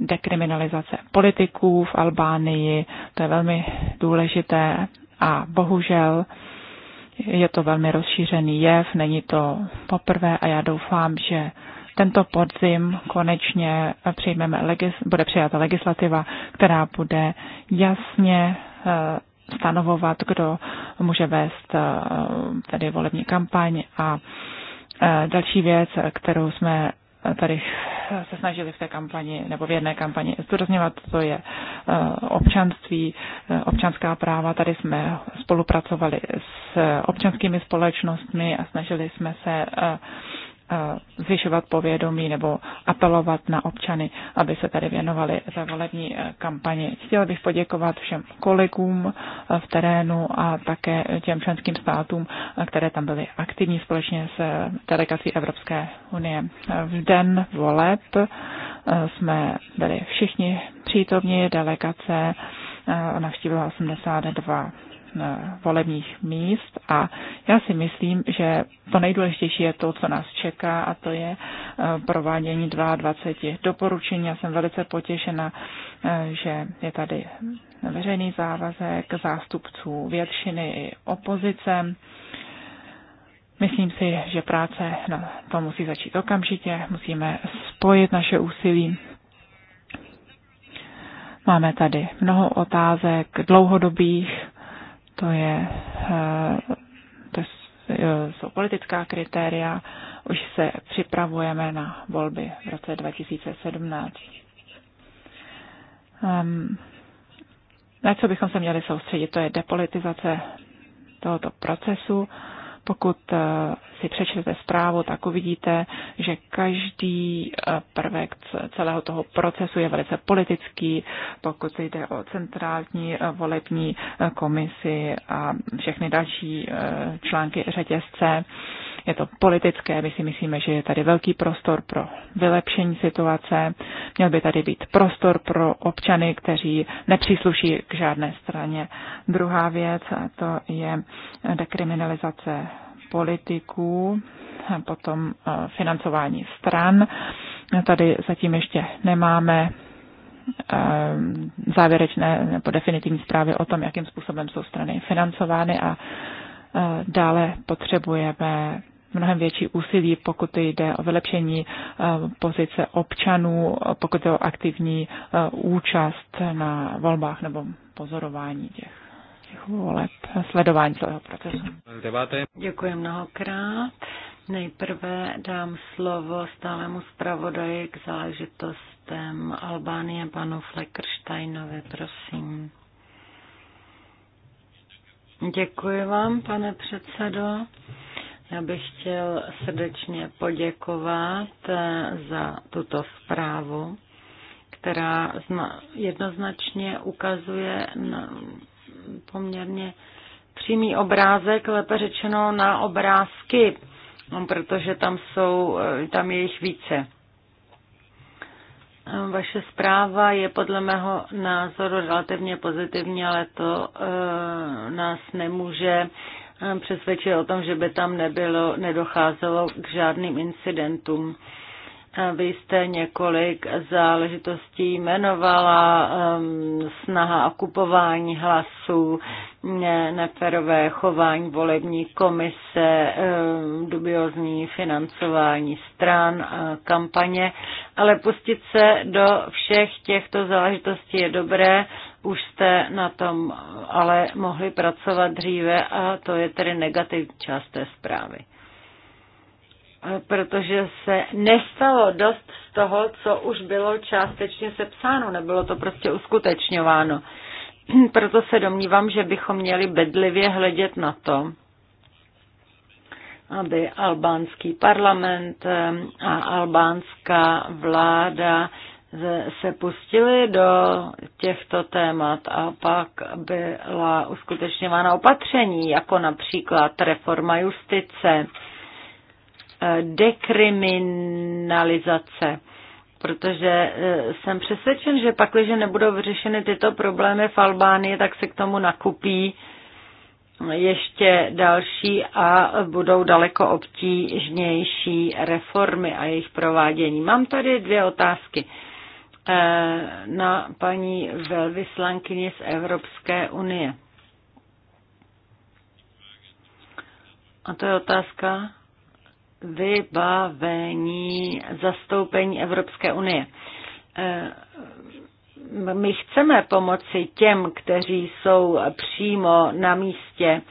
[SPEAKER 3] dekriminalizace politiků v Albánii, to je velmi důležité a bohužel je to velmi rozšířený jev, není to poprvé a já doufám, že tento podzim konečně přijmeme bude přijata legislativa, která bude jasně eh, stanovovat, kdo může vést eh, tedy volební kampaň a eh, další věc, kterou jsme tady se snažili v té kampani nebo v jedné kampani zdůrazněvat, to je občanství, občanská práva. Tady jsme spolupracovali s občanskými společnostmi a snažili jsme se Eh, zvyšovat povědomí nebo apelovat na občany, aby se tady věnovali za volební eh, kampani. Chtěl bych poděkovat všem kolegům eh, v terénu a také těm členským státům, které tam byly aktivní společně s delegací Evropské unie. V den voleb jsme byli všichni přítomní delegace, navštívila 82 Eh, volebních míst a já si myslím, že to nejdůležitější je to, co nás čeká a to je eh, provádění 22 doporučení. Já jsem velice potěšena, eh, že je tady veřejný závazek zástupců většiny i opozice. Myslím si, že práce na to musí začít okamžitě, musíme spojit naše úsilí. Máme tady mnoho otázek dlouhodobých, to je, eh, to jsou politická kritéria, už se připravujeme na volby v roce 2017. Ehm, na co bychom se měli soustředit, to je depolitizace tohoto procesu pokud eh, si přečtete zprávu, tak uvidíte, že každý eh, prvek celého toho procesu je velice politický, pokud jde o centrální eh, volební komisi a všechny další články řetězce je to politické, my si myslíme, že je tady velký prostor pro vylepšení situace, měl by tady být prostor pro občany, kteří nepřísluší k žádné straně. Druhá věc, to je dekriminalizace politiků, potom e, financování stran. Tady zatím ještě nemáme e, závěrečné nebo definitivní zprávy o tom, jakým způsobem jsou strany financovány a e, dále potřebujeme mnohem větší úsilí, pokud jde o vylepšení eh, pozice občanů, pokud jde o aktivní eh, účast na volbách nebo pozorování těch, těch voleb, sledování celého procesu.
[SPEAKER 2] Děkuji mnohokrát. Nejprve dám slovo stálemu zpravodaji k záležitostem Albánie, panu Fleckersteinovi, prosím. Děkuji vám, pane předsedo. Já bych chtěl srdečně poděkovat eh, za tuto zprávu, která jednoznačně ukazuje na poměrně přímý obrázek, lépe řečeno na obrázky, no, protože tam, jsou, eh, tam je jich více. Eh, vaše zpráva je podle mého názoru relativně pozitivní, ale to e, nás nemůže přesvědčil o tom, že by tam nebylo, nedocházelo k žádným incidentům. Vy jste několik záležitostí jmenovala, ehm, snaha o kupování hlasů, neferové chování volební komise, ehm, dubiozní financování stran, a kampaně, ale pustit se do všech těchto záležitostí je dobré už jste na tom ale mohli pracovat dříve a to je tedy negativní část té zprávy. Protože se nestalo dost z toho, co už bylo částečně sepsáno, nebylo to prostě uskutečňováno. Proto se domnívám, že bychom měli bedlivě hledět na to, aby albánský parlament a albánská vláda se pustili do těchto témat a pak byla uskutečňována opatření, jako například reforma justice, dekriminalizace protože e, jsem přesvědčen, že pak, když nebudou vyřešeny tyto problémy v Albánii, tak se k tomu nakupí ještě další a budou daleko obtížnější reformy a jejich provádění. Mám tady dvě otázky na paní velvyslankyni z Evropské unie. A to je otázka vybavení zastoupení Evropské unie. Eh, my chceme pomoci těm, kteří jsou přímo na místě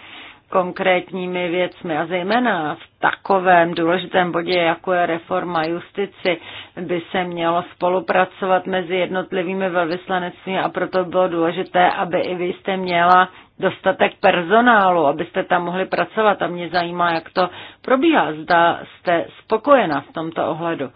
[SPEAKER 2] konkrétními věcmi a zejména v takovém důležitém bodě, jako je reforma justici, by se mělo spolupracovat mezi jednotlivými velvyslanectvími a proto bylo důležité, aby i vy jste měla dostatek personálu, abyste tam mohli pracovat a mě zajímá, jak to probíhá. Zda jste spokojena v tomto ohledu.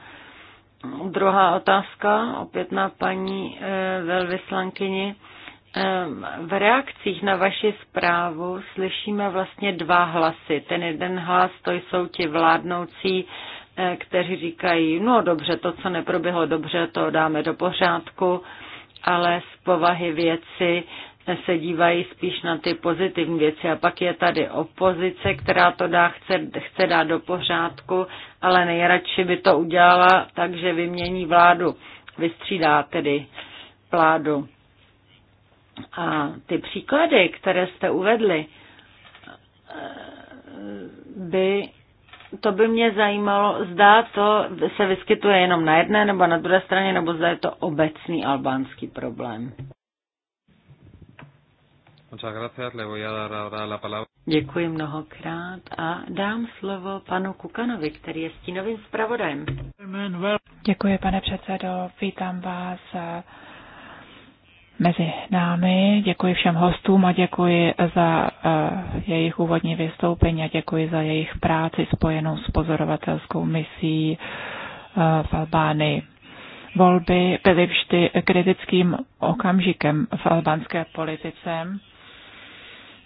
[SPEAKER 2] Druhá otázka, opět na paní e, velvyslankyni. E, Ehm, v reakcích na vaši zprávu slyšíme vlastně dva hlasy. Ten jeden hlas, to jsou ti vládnoucí, eh, kteří říkají, no dobře, to, co neproběhlo dobře, to dáme do pořádku, ale z povahy věci se dívají spíš na ty pozitivní věci. A pak je tady opozice, která to dá, chce, chce dát do pořádku, ale nejradši by to udělala, takže vymění vládu, vystřídá tedy vládu. A ty příklady, které jste uvedli, eh, by, to by mě zajímalo, zda to se vyskytuje jenom na jedné nebo na druhé straně, nebo zda je to obecný albánský problém. Děkuji mnohokrát a dám slovo panu Kukanovi, který je stínovým zpravodajem.
[SPEAKER 3] Děkuji, pane předsedo. Vítám vás eh, mezi námi. Děkuji všem hostům a děkuji za eh, jejich úvodní vystoupení a děkuji za jejich práci spojenou s pozorovatelskou misí eh, v Albánii. Volby byly vždy kritickým okamžikem v albánské politice.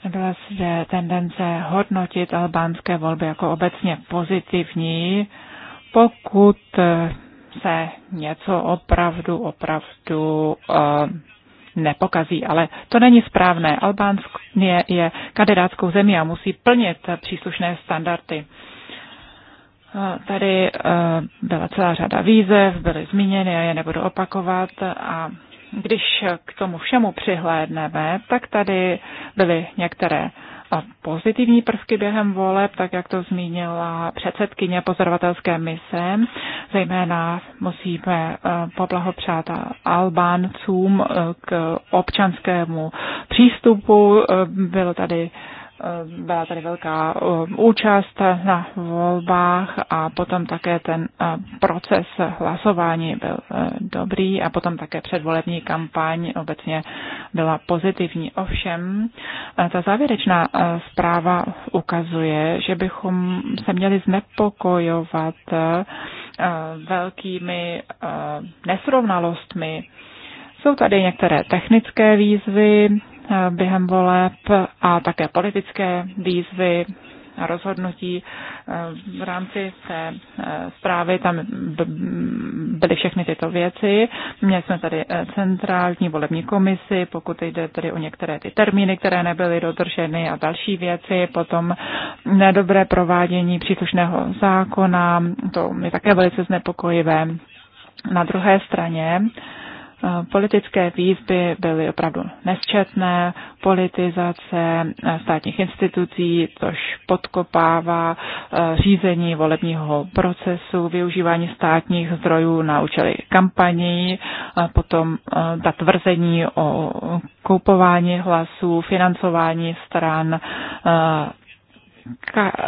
[SPEAKER 3] Byla zde tendence hodnotit albánské volby jako obecně pozitivní, pokud eh, se něco opravdu, opravdu nepokazí. Ale to není správné. Albánsko je kandidátskou zemí a musí plnit příslušné standardy. Tady e, byla celá řada výzev, byly zmíněny, já je nebudu opakovat a když k tomu všemu přihlédneme, tak tady byly některé pozitivní prvky během voleb, tak jak to zmínila předsedkyně pozorovatelské mise. Zejména musíme eh, poblahopřát Albáncům eh, k občanskému přístupu. Eh, bylo tady Eh, byla tady velká eh, účast na volbách a potom také ten eh, proces hlasování byl dobrý a potom také předvolební kampaň obecně byla pozitivní. Ovšem, ta závěrečná zpráva ukazuje, že bychom se měli znepokojovat velkými nesrovnalostmi jsou tady některé technické výzvy, během voleb a také politické výzvy a rozhodnutí. Eh, v rámci té eh, zprávy tam byly všechny tyto věci. Měli jsme tady eh, centrální volební komisi, pokud jde tedy o některé ty termíny, které nebyly dodrženy a další věci, potom nedobré provádění příslušného zákona, to je také velice znepokojivé. Na druhé straně Politické výzvy byly opravdu nesčetné, politizace e, státních institucí, což podkopává e, řízení volebního procesu, využívání státních zdrojů na účely kampaní, potom e, ta tvrzení o koupování hlasů, financování stran,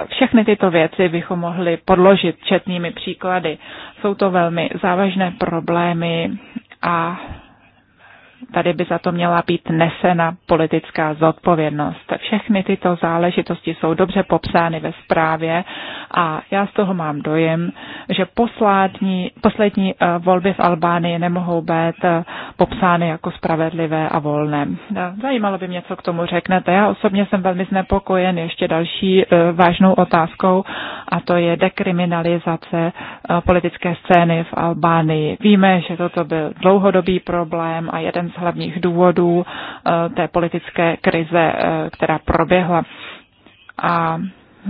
[SPEAKER 3] všechny tyto věci bychom mohli podložit četnými příklady. Jsou to velmi závažné problémy, a tady by za to měla být nesena politická zodpovědnost. Všechny tyto záležitosti jsou dobře popsány ve zprávě a já z toho mám dojem, že poslední, poslední eh, volby v Albánii nemohou být eh, popsány jako spravedlivé a volné. Zajímalo by mě, co k tomu řeknete. Já osobně jsem velmi znepokojen ještě další eh, vážnou otázkou a to je dekriminalizace politické scény v Albánii. Víme, že toto byl dlouhodobý problém a jeden jeden z hlavních důvodů eh, té politické krize, eh, která proběhla. A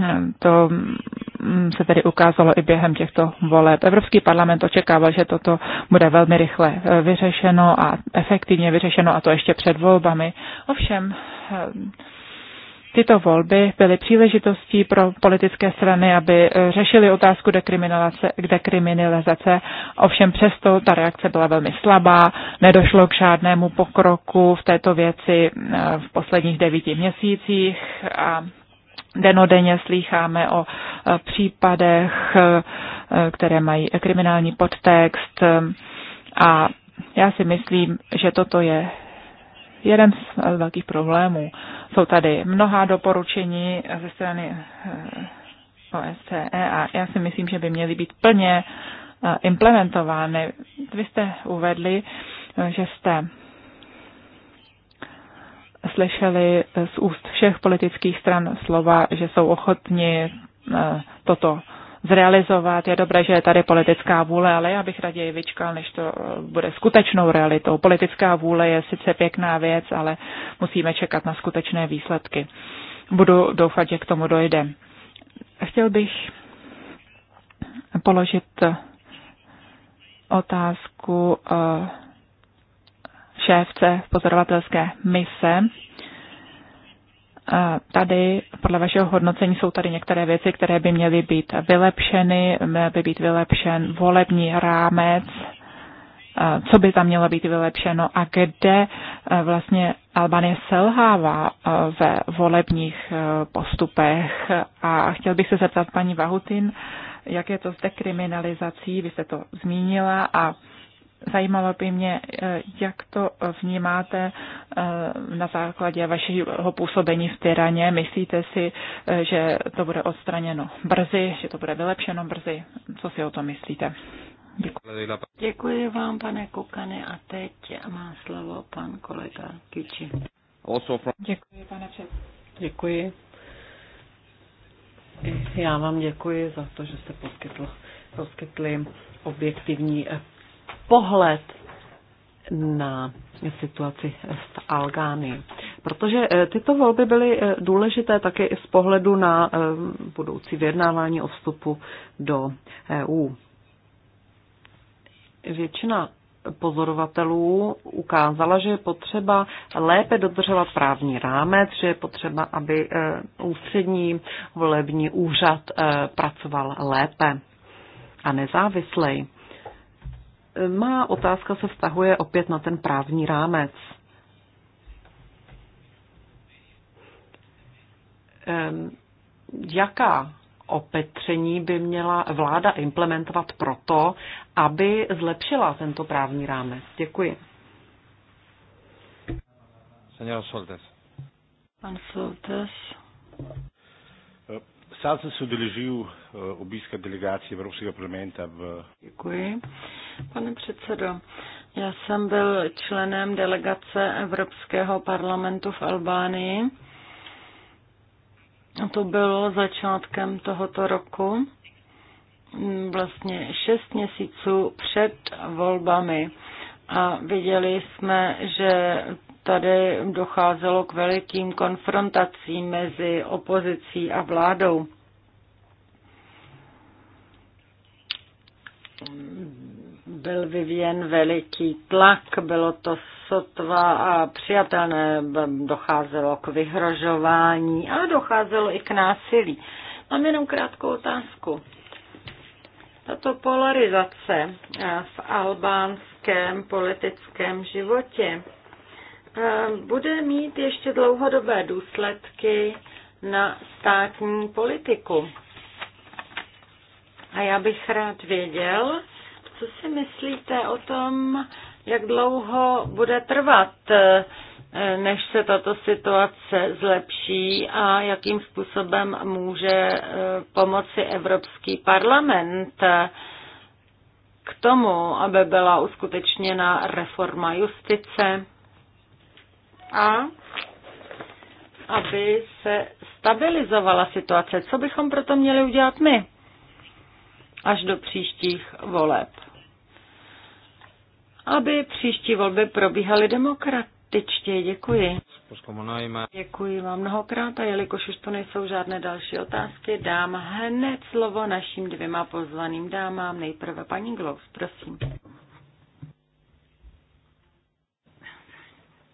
[SPEAKER 3] eh, to mm, se tedy ukázalo i během těchto voleb. Evropský parlament očekával, že toto bude velmi rychle vyřešeno a efektivně vyřešeno, a to ještě před volbami. Ovšem, Tyto volby byly příležitostí pro politické strany, aby eh, řešili otázku dekriminalizace, dekriminalizace. Ovšem přesto ta reakce byla velmi slabá, nedošlo k žádnému pokroku v této věci eh, v posledních devíti měsících a denodenně slýcháme o eh, případech, které mají kriminální podtext a já si myslím, že toto je jeden z velkých problémů. Jsou tady mnohá doporučení ze strany eh, OSCE a já si myslím, že by měly být plně eh, implementovány. Vy jste uvedli, eh, že jste slyšeli z úst všech politických stran slova, že jsou ochotni toto zrealizovat. Je dobré, že je tady politická vůle, ale já bych raději vyčkal, než to eh, bude skutečnou realitou. Politická vůle je sice pěkná věc, ale musíme čekat na skutečné výsledky. Budu doufat, že k tomu dojde. Chtěl bych položit eh, otázku eh, šéfce pozorovatelské mise tady podle vašeho hodnocení jsou tady některé věci, které by měly být vylepšeny, měl by být vylepšen volební rámec, co by tam mělo být vylepšeno a kde e, vlastně Albanie selhává e, ve volebních e, postupech. A chtěl bych se zeptat paní Vahutin, jak je to s dekriminalizací, vy jste to zmínila a Zajímalo by mě, eh, jak to vnímáte eh, na základě vašeho působení v Tyraně. Myslíte si, eh, že to bude odstraněno brzy, že to bude vylepšeno brzy? Co si o tom myslíte?
[SPEAKER 1] Děkuji. Děkuji vám, pane
[SPEAKER 3] Kukane, a teď má slovo pan kolega Kiči. Děkuji, pane před.
[SPEAKER 1] Děkuji. Já vám děkuji za to, že jste poskytl, poskytli objektivní pohled na situaci v Algánii. Protože eh, tyto volby byly eh, důležité také z pohledu na eh, budoucí vyjednávání o vstupu do EU. Většina pozorovatelů ukázala, že je potřeba lépe dodržovat právní rámec, že je potřeba, aby ústřední volební úřad pracoval lépe a nezávislej. Má otázka se vztahuje opět na ten právní rámec. Jaká opetření by měla vláda implementovat proto, aby zlepšila tento právní rámec? Děkuji. Senor Soltes. Pan Soltes. Sám jsem se udeležil eh, obízka delegace Evropského
[SPEAKER 3] parlamenta v...
[SPEAKER 2] Děkuji. Pane předsedo, já jsem byl členem delegace Evropského parlamentu v Albánii. To bylo začátkem tohoto roku, vlastně šest měsíců před volbami. A viděli jsme, že tady docházelo k velikým konfrontacím mezi opozicí a vládou. byl vyvíjen veliký tlak, bylo to sotva a přijatelné, docházelo k vyhrožování a docházelo i k násilí. Mám jenom krátkou otázku. Tato polarizace v albánském politickém životě eh, bude mít ještě dlouhodobé důsledky na státní politiku. A já bych rád věděl, co si myslíte o tom, jak dlouho bude trvat, eh, než se tato situace zlepší a jakým způsobem může eh, pomoci Evropský parlament k tomu, aby byla uskutečněna reforma justice a aby se stabilizovala situace. Co bychom proto měli udělat my až do příštích voleb? aby příští volby probíhaly demokratičtě. Děkuji. Děkuji vám mnohokrát a jelikož už to nejsou žádné další otázky, dám hned slovo našim dvěma pozvaným dámám. Nejprve paní Glous, prosím.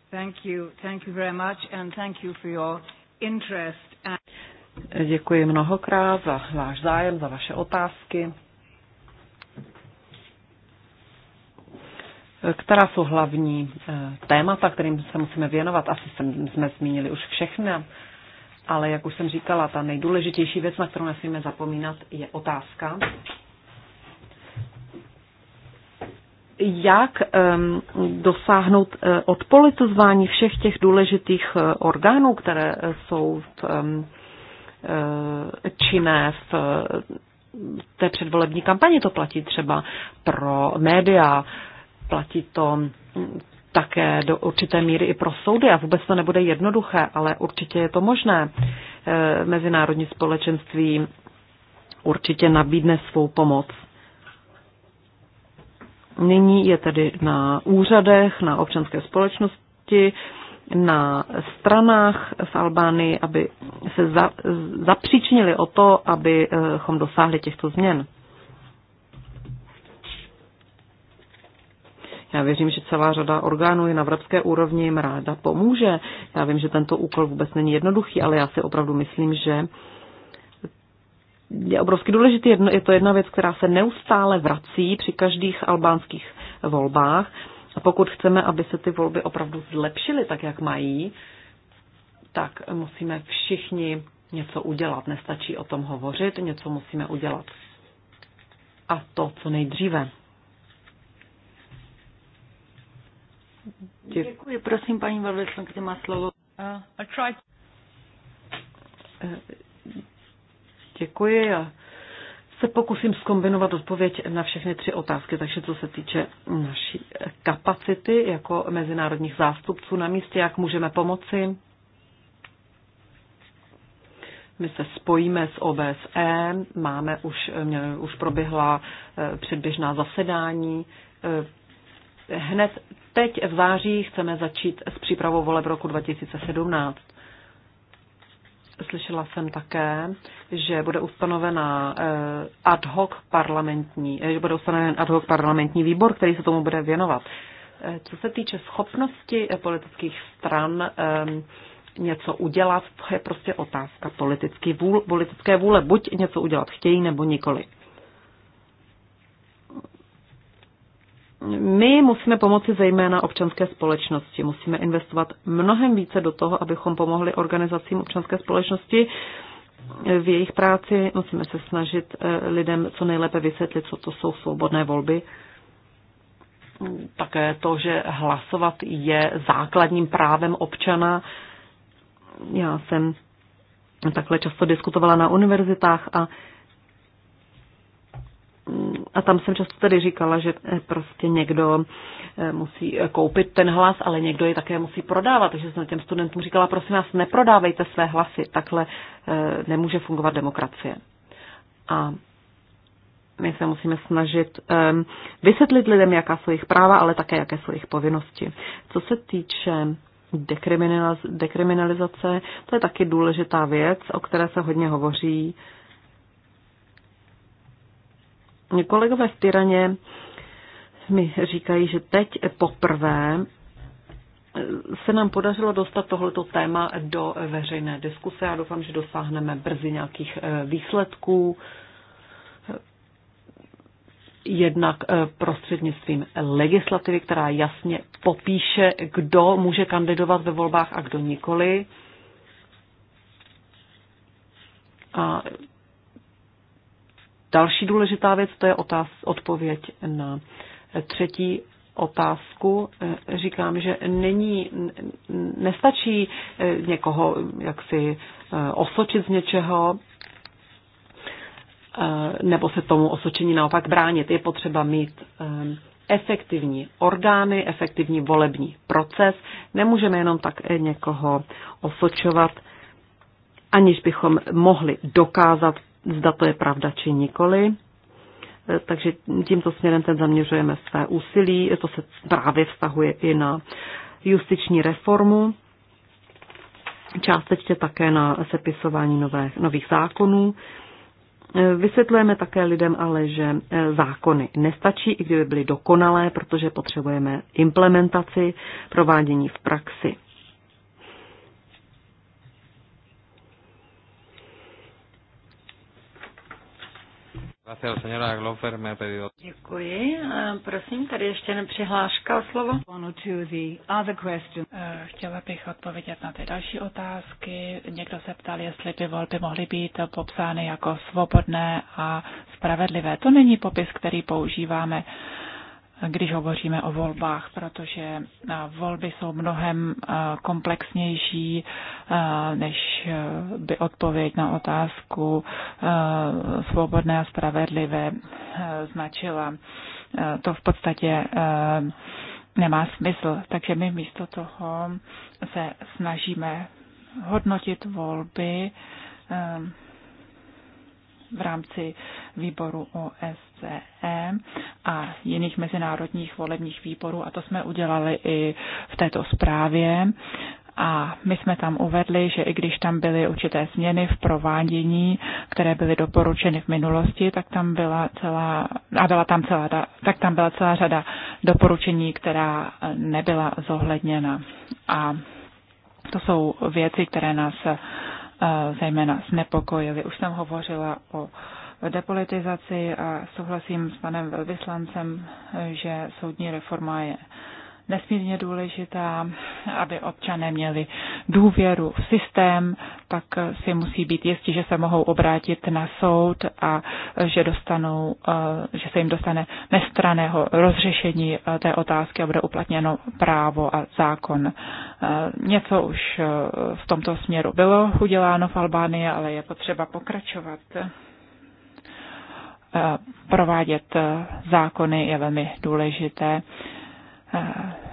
[SPEAKER 3] Thank you. Thank you very much and thank you for your interest.
[SPEAKER 1] Děkuji mnohokrát za váš zájem, za vaše otázky. která jsou hlavní eh, témata, kterým se musíme věnovat. Asi jsme zmínili už všechny, ale jak už jsem říkala, ta nejdůležitější věc, na kterou nesmíme zapomínat, je otázka, jak um, dosáhnout uh, odpolitizování všech těch důležitých uh, orgánů, které uh, jsou v, um, uh, činné v uh, té předvolební kampani. To platí třeba pro média, platí to také do určité míry i pro soudy a vůbec to nebude jednoduché, ale určitě je to možné. E, mezinárodní společenství určitě nabídne svou pomoc. Nyní je tedy na úřadech, na občanské společnosti, na stranách v Albánii, aby se zapříčnili o to, abychom dosáhli těchto změn. Já věřím, že celá řada orgánů i na evropské úrovni jim ráda pomůže. Já vím, že tento úkol vůbec není jednoduchý, ale já si opravdu myslím, že je obrovsky důležitý. Je to jedna věc, která se neustále vrací při každých albánských volbách. A pokud chceme, aby se ty volby opravdu zlepšily tak, jak mají, tak musíme všichni něco udělat. Nestačí o tom hovořit, něco musíme udělat. A to co nejdříve. Děkuji, prosím,
[SPEAKER 2] paní kde má slovo. Uh,
[SPEAKER 1] eh, děkuji. Já se pokusím skombinovat odpověď na všechny tři otázky. Takže co se týče naší kapacity jako mezinárodních zástupců na místě, jak můžeme pomoci, my se spojíme s OBSE, máme už, už proběhla eh, předběžná zasedání. Eh, hned teď v září chceme začít s přípravou voleb roku 2017. Slyšela jsem také, že bude ustanovena eh, ad hoc parlamentní, eh, že bude ustanoven ad hoc parlamentní výbor, který se tomu bude věnovat. Eh, co se týče schopnosti politických stran něco udělat, to je prostě otázka politické vůle, politické vůle buď něco udělat chtějí, nebo nikoli. My musíme pomoci zejména občanské společnosti. Musíme investovat mnohem více do toho, abychom pomohli organizacím občanské společnosti v jejich práci. Musíme se snažit eh, lidem co nejlépe vysvětlit, co to jsou svobodné volby. Také to, že hlasovat je základním právem občana. Já jsem takhle často diskutovala na univerzitách a a tam jsem často tedy říkala, že eh, prostě někdo eh, musí eh, koupit ten hlas, ale někdo je také musí prodávat. Takže jsem těm studentům říkala, prosím vás, neprodávejte své hlasy, takhle nemůže fungovat demokracie. A my se musíme snažit um, vysvětlit lidem, jaká jsou jejich práva, ale také jaké jsou jejich povinnosti. Co se týče dekriminalizace, to je taky důležitá věc, o které se hodně hovoří. Kolegové v Tyraně mi říkají, že teď poprvé se nám podařilo dostat tohleto téma do veřejné diskuse. Já doufám, že dosáhneme brzy nějakých eh, výsledků. Jednak eh, prostřednictvím legislativy, která jasně popíše, kdo může kandidovat ve volbách a kdo nikoli. A Další důležitá věc, to je otáz, odpověď na třetí otázku. Říkám, že není, nestačí eh, někoho jaksi eh, osočit z něčeho, eh, nebo se tomu osočení naopak bránit. Je potřeba mít efektivní orgány, efektivní volební proces. Nemůžeme jenom tak někoho osočovat, aniž bychom mohli dokázat zda to je pravda či nikoli. E, takže tímto směrem ten zaměřujeme své úsilí. To se právě vztahuje i na justiční reformu, částečně také na sepisování nové, nových zákonů. E, vysvětlujeme také lidem ale, že e, zákony nestačí, i kdyby byly dokonalé, protože potřebujeme implementaci, provádění v praxi.
[SPEAKER 2] Děkuji. Prosím, tady ještě jen přihláška o slovo. Eh,
[SPEAKER 3] chtěla bych odpovědět na ty další otázky. Někdo se ptal, jestli by volby mohly být popsány jako svobodné a spravedlivé. To není popis, který používáme když hovoříme o volbách, protože eh, volby jsou mnohem eh, komplexnější, eh, než by odpověď na otázku svobodné a spravedlivé značila. To v podstatě nemá smysl. Takže my místo toho se snažíme hodnotit volby v rámci výboru OS OBSE a jiných mezinárodních volebních výborů a to jsme udělali i v této zprávě. A my jsme tam uvedli, že i když tam byly určité změny v provádění, které byly doporučeny v minulosti, tak tam byla celá, a byla tam celá, tak tam byla celá řada doporučení, která nebyla zohledněna. A to jsou věci, které nás eh, zejména znepokojily. Už jsem hovořila o depolitizaci a souhlasím s panem velvyslancem, že soudní reforma je nesmírně důležitá, aby občané měli důvěru v systém, tak si musí být jistí, že se mohou obrátit na soud a že, dostanou, eh, že se jim dostane nestraného rozřešení eh, té otázky a bude uplatněno právo a zákon. Eh, něco už v tomto směru bylo uděláno v Albánii, ale je potřeba pokračovat provádět eh, zákony je velmi důležité. Eh,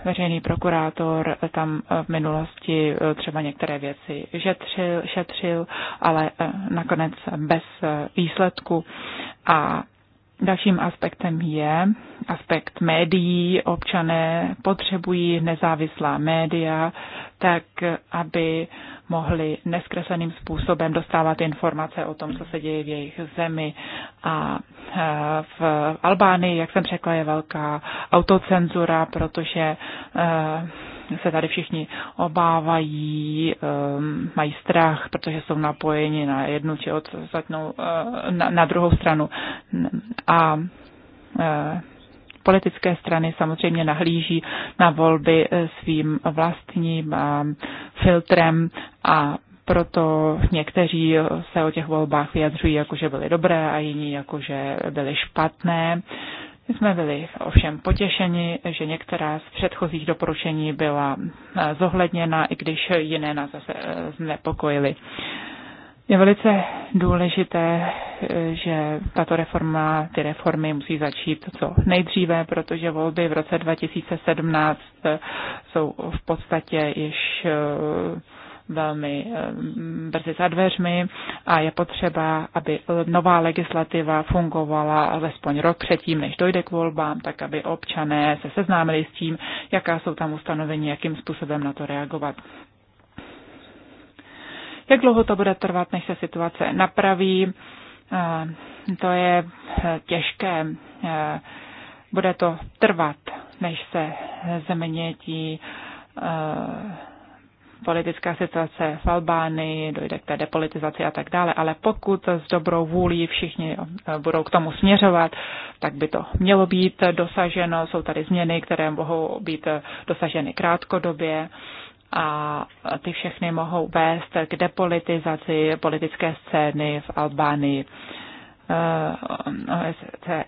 [SPEAKER 3] veřejný prokurátor tam eh, v minulosti třeba některé věci šetřil, šetřil ale nakonec bez výsledku. A Dalším aspektem je aspekt médií. Občané potřebují nezávislá média, tak aby mohli neskresleným způsobem dostávat informace o tom, co se děje v jejich zemi. A e, v Albánii, jak jsem řekla, je velká autocenzura, protože e, se tady všichni obávají, ehm, mají strach, protože jsou napojeni na jednu či ostatnou, eh, na, na druhou stranu. A eh, politické strany samozřejmě nahlíží na volby eh, svým vlastním ehm, filtrem a proto někteří se o těch volbách vyjadřují, jakože byly dobré a jiní, jakože byly špatné. My jsme byli ovšem potěšeni, že některá z předchozích doporučení byla eh, zohledněna, i když jiné nás zase eh, znepokojily. Je velice důležité, eh, že tato reforma, ty reformy musí začít co nejdříve, protože volby v roce 2017 jsou v podstatě již velmi eh, brzy za dveřmi a je potřeba, aby nová legislativa fungovala alespoň rok předtím, než dojde k volbám, tak aby občané se seznámili s tím, jaká jsou tam ustanovení, jakým způsobem na to reagovat. Jak dlouho to bude trvat, než se situace napraví, eh, to je eh, těžké. Bude to trvat, než se zemětí politická situace v Albánii, dojde k té depolitizaci a tak dále, ale pokud s dobrou vůlí všichni budou k tomu směřovat, tak by to mělo být dosaženo. Jsou tady změny, které mohou být dosaženy krátkodobě a ty všechny mohou vést k depolitizaci politické scény v Albánii. Eh, OSCE,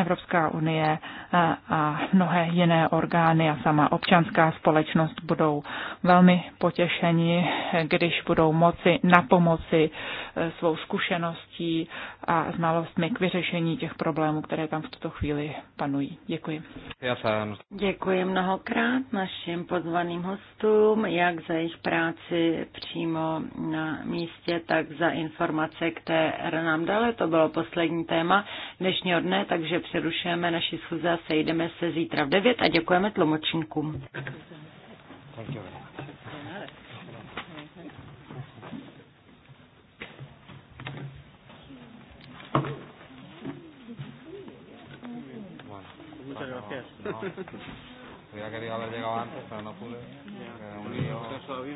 [SPEAKER 3] Evropská unie eh, a mnohé jiné orgány a sama občanská společnost budou velmi potěšeni, když budou moci na pomoci eh, svou zkušeností a znalostmi k vyřešení těch problémů, které tam v tuto chvíli panují. Děkuji. Já sám. Děkuji mnohokrát našim
[SPEAKER 2] pozvaným hostům, jak za jejich práci přímo na místě, tak za informace, které nám dali. To bylo poslední téma dnešního dne, takže přerušujeme naši schůze a sejdeme se zítra v 9 a děkujeme tlumočníkům.
[SPEAKER 3] Thank you. gracias. No. Hubiera querido haber llegado antes, pero no pude. Era un lío.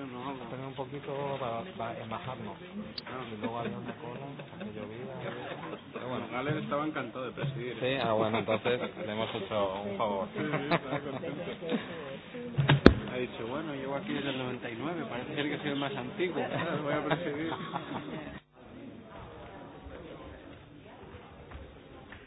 [SPEAKER 1] ¿no? Tener un poquito para, para embajarnos. Ah. Y luego había una cola, que llovía. Pero bueno. Galen
[SPEAKER 2] estaba encantado de presidir. Sí, ah, bueno, entonces le hemos hecho un favor. Sí,
[SPEAKER 1] ha dicho, bueno, llevo aquí desde el 99, parece ser que soy el más antiguo. Voy a presidir.